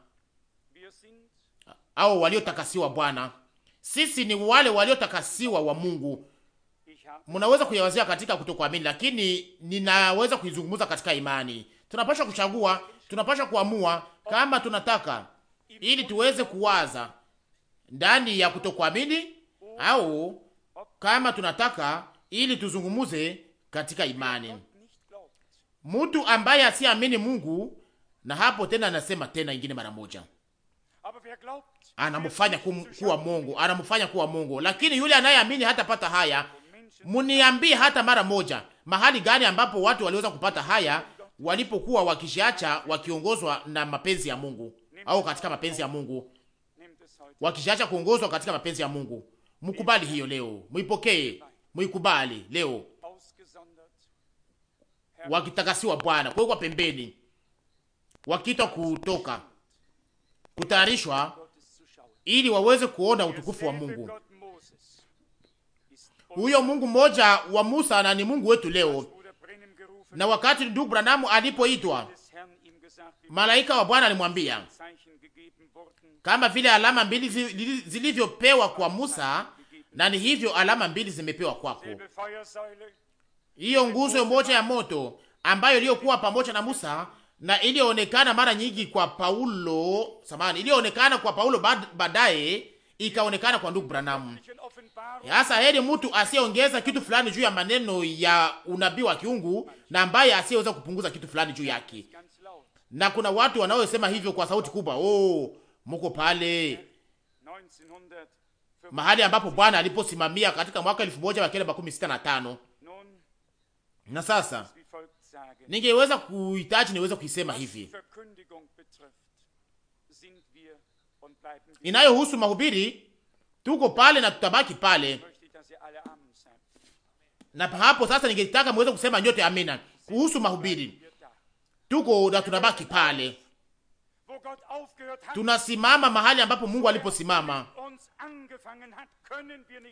au waliotakasiwa Bwana. Sisi ni wale waliotakasiwa wa Mungu. Mnaweza kuyawazia katika kutokuamini, lakini ninaweza kuizungumza katika imani. Tunapaswa kuchagua, tunapaswa kuamua kama tunataka ili tuweze kuwaza ndani ya kutokuamini au kama tunataka ili tuzungumuze katika imani. Mtu ambaye asiamini Mungu na hapo tena anasema tena ingine mara moja, anamfanya kuwa Mungu, anamfanya kuwa Mungu. Lakini yule anayeamini hatapata haya. Muniambie hata mara moja, mahali gani ambapo watu waliweza kupata haya walipokuwa wakishiacha wakiongozwa na mapenzi ya Mungu au katika mapenzi ya Mungu, wakishiacha kuongozwa katika mapenzi ya Mungu. Mkubali hiyo leo, muipokee, muikubali leo, wakitakasiwa Bwana, kuwekwa pembeni wakiitwa kutoka kutayarishwa ili waweze kuona utukufu wa Mungu. Huyo Mungu mmoja wa Musa na ni Mungu wetu leo. Na wakati ndugu Branham alipoitwa, malaika wa Bwana alimwambia kama vile alama mbili zilivyopewa kwa Musa, na ni hivyo alama mbili zimepewa kwako. Hiyo nguzo moja ya moto ambayo iliyokuwa pamoja na Musa na iliyoonekana mara nyingi kwa Paulo, samani, iliyoonekana kwa Paulo baadaye ikaonekana kwa ndugu Branham. E, hasa heri mtu asiyeongeza kitu fulani juu ya maneno ya unabii wa kiungu na ambaye asiyeweza kupunguza kitu fulani juu yake. Na kuna watu wanaosema hivyo kwa sauti kubwa. Oh, mko pale mahali ambapo Bwana aliposimamia katika mwaka 1965 na sasa ningeweza kuhitaji niweze kuisema hivi inayohusu mahubiri, tuko pale na tutabaki pale na hapo sasa. Ningetaka muweze kusema nyote amina kuhusu mahubiri, tuko na tunabaki pale, tunasimama mahali ambapo Mungu aliposimama.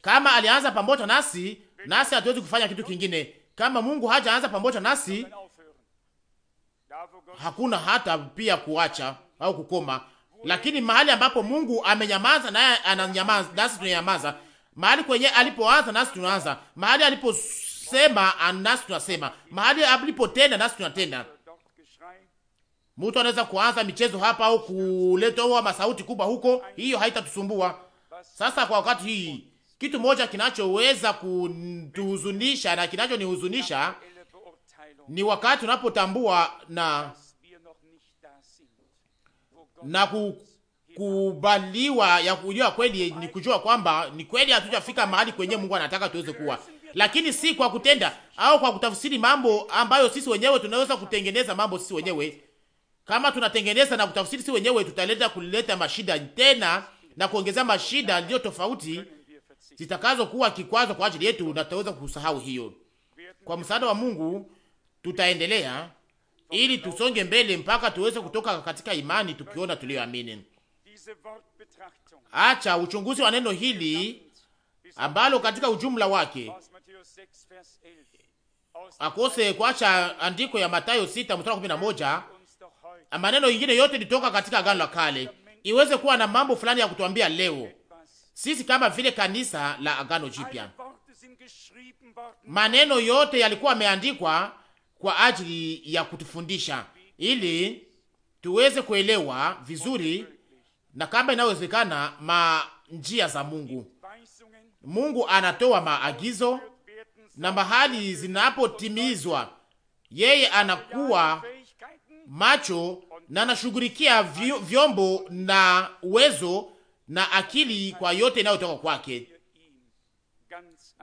Kama alianza pamoja nasi, nasi hatuwezi kufanya kitu kingine. Kama Mungu hajaanza pamoja nasi, hakuna hata pia kuacha au kukoma. Lakini mahali ambapo Mungu amenyamaza naye ananyamaza, nasi tunanyamaza. Mahali kwenye alipoanza nasi tunaanza, mahali aliposema nasi tunasema, mahali alipotenda nasi tunatenda. Mtu anaweza kuanza michezo hapa au kuleta au masauti kubwa huko, hiyo haitatusumbua sasa. Kwa wakati hii, kitu moja kinachoweza kutuhuzunisha na kinachonihuzunisha ni wakati unapotambua na na kukubaliwa ya kujua kweli, ni kujua kwamba ni kweli hatujafika mahali kwenye Mungu anataka tuweze kuwa, lakini si kwa kutenda au kwa kutafsiri mambo ambayo sisi wenyewe tunaweza kutengeneza mambo sisi wenyewe. Kama tunatengeneza na kutafsiri sisi wenyewe, tutaleta kuleta mashida tena na kuongeza mashida ndio tofauti zitakazokuwa kikwazo kwa ajili yetu, na tutaweza kusahau hiyo. Kwa msaada wa Mungu tutaendelea eh? ili tusonge mbele mpaka tuweze kutoka katika imani tukiona tuliyoamini. Acha uchunguzi wa neno hili ambalo katika ujumla wake akose kuacha andiko ya Mathayo 6 mstari 11, maneno mengine yote litoka katika Agano la Kale, iweze kuwa na mambo fulani ya kutuambia leo sisi kama vile kanisa la Agano Jipya. Maneno yote yalikuwa yameandikwa kwa ajili ya kutufundisha ili tuweze kuelewa vizuri na kama inawezekana njia za Mungu. Mungu anatoa maagizo na mahali zinapotimizwa, yeye anakuwa macho na anashughulikia vyombo na uwezo na akili kwa yote inayotoka kwake,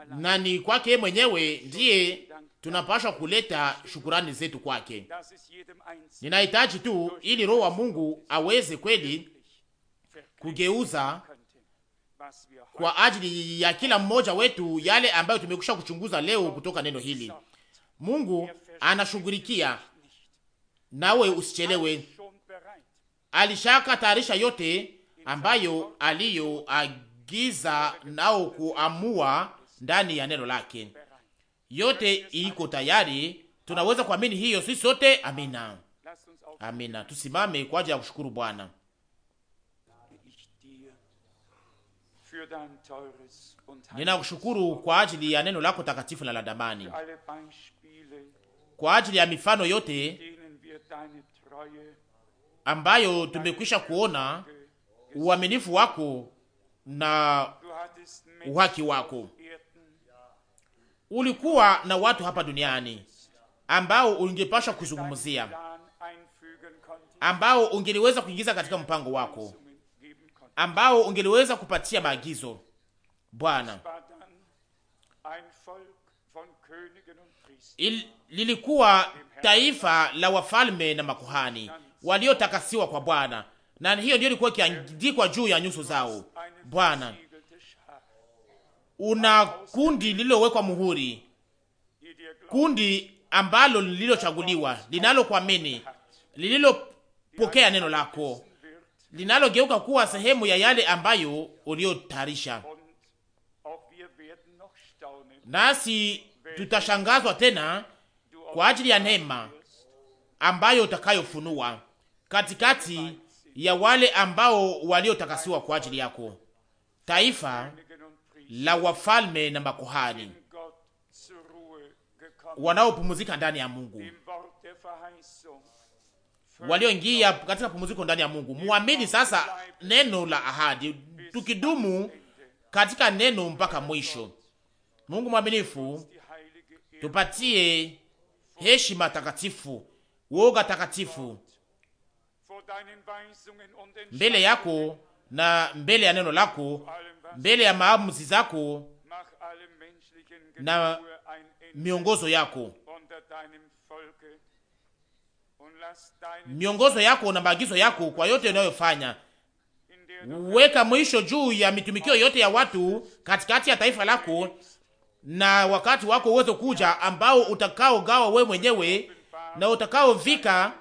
na ni kwake mwenyewe ndiye tunapashwa kuleta shukurani zetu kwake. Ninahitaji tu ili Roho wa Mungu aweze kweli kugeuza kwa ajili ya kila mmoja wetu yale ambayo tumekwisha kuchunguza leo kutoka neno hili. Mungu anashughulikia, nawe usichelewe. Alishaka tayarisha yote ambayo aliyoagiza nao kuamua ndani ya neno lake yote iko tayari. Tunaweza kuamini hiyo sisi sote. Amina, amina. Tusimame kwa ajili ya kushukuru Bwana. Ninakushukuru kwa ajili ya neno lako takatifu na la damani, kwa ajili ya mifano yote ambayo tumekwisha kuona uaminifu wako na uhaki wako ulikuwa na watu hapa duniani ambao ungepashwa kuzungumzia, ambao ungeliweza kuingiza katika mpango wako, ambao ungeliweza kupatia maagizo Bwana. Lilikuwa taifa la wafalme na makuhani waliotakasiwa kwa Bwana, na hiyo ndio ilikuwa ikiandikwa juu ya nyuso zao Bwana una kundi lililowekwa muhuri, kundi ambalo lililochaguliwa, linalokuamini, lililopokea neno lako, linalogeuka kuwa sehemu ya yale ambayo uliotayarisha. Nasi tutashangazwa tena kwa ajili ya neema ambayo utakayofunua katikati ya wale ambao waliotakasiwa kwa ajili yako, taifa la wafalme na makuhani wanaopumuzika ndani ya Mungu, walioingia katika pumuziko ndani ya Mungu. Muamini sasa neno la ahadi, tukidumu katika neno mpaka mwisho. Mungu mwaminifu, tupatie heshima takatifu, woga takatifu mbele yako na mbele ya neno lako mbele ya maamuzi zako na miongozo yako, miongozo yako na maagizo yako kwa yote unayofanya. Weka mwisho juu ya mitumikio yote ya watu katikati ya taifa lako, na wakati wako uweze kuja ambao utakaogawa we mwenyewe na utakaovika,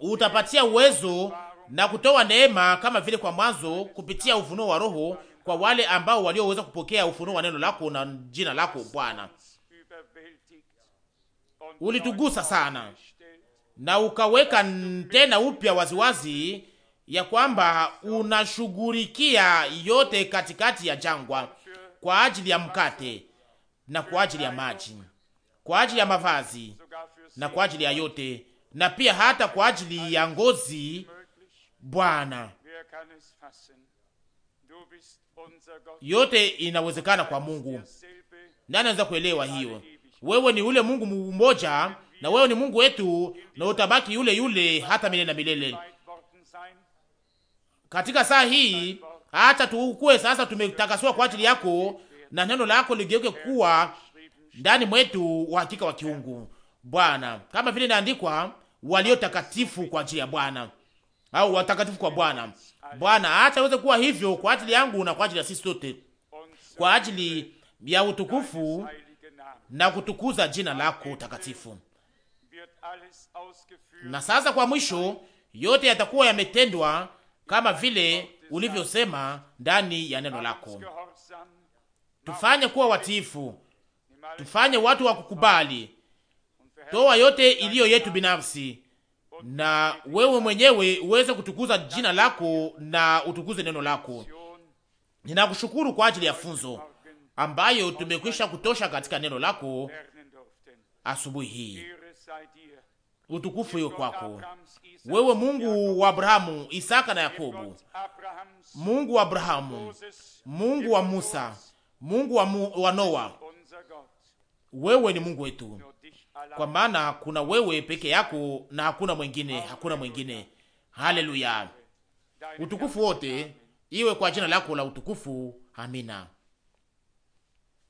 utapatia uwezo na kutoa neema kama vile kwa mwanzo kupitia ufunuo wa Roho kwa wale ambao walioweza kupokea ufunuo wa neno lako na jina lako Bwana. Ulitugusa sana na ukaweka tena upya waziwazi ya kwamba unashughulikia yote katikati ya jangwa, kwa ajili ya mkate na kwa ajili ya maji, kwa ajili ya mavazi na kwa ajili ya yote, na pia hata kwa ajili ya ngozi. Bwana, yote inawezekana kwa Mungu. Nani anaweza kuelewa hiyo? Wewe ni ule Mungu mmoja, na wewe ni Mungu wetu, na utabaki yule yule hata milele na milele. Katika saa hii, hata tukuwe sasa tumetakaswa kwa ajili yako, na neno lako ligeuke kuwa ndani mwetu uhakika wa kiungu, Bwana, kama vile inaandikwa, walio takatifu kwa ajili ya Bwana au watakatifu kwa Bwana. Bwana, acha iweze kuwa hivyo kwa ajili yangu na kwa ajili ya sisi sote, kwa ajili ya utukufu na kutukuza jina lako takatifu. Na sasa kwa mwisho, yote yatakuwa yametendwa kama vile ulivyosema ndani ya neno lako. Tufanye kuwa watiifu, tufanye watu wa kukubali, toa yote iliyo yetu binafsi na wewe mwenyewe uweze kutukuza jina lako na utukuze neno lako. Ninakushukuru kwa ajili ya funzo ambayo tumekwisha kutosha katika neno lako asubuhi hii. Utukufu iwe kwako wewe, Mungu wa Abrahamu, Isaka na Yakobo, Mungu wa Abrahamu, Mungu wa Musa, Mungu wa, mu, wa Noa. Wewe ni Mungu wetu kwa maana kuna wewe peke yako na hakuna mwengine, hakuna mwengine. Haleluya, utukufu wote iwe kwa jina lako la utukufu. Amina.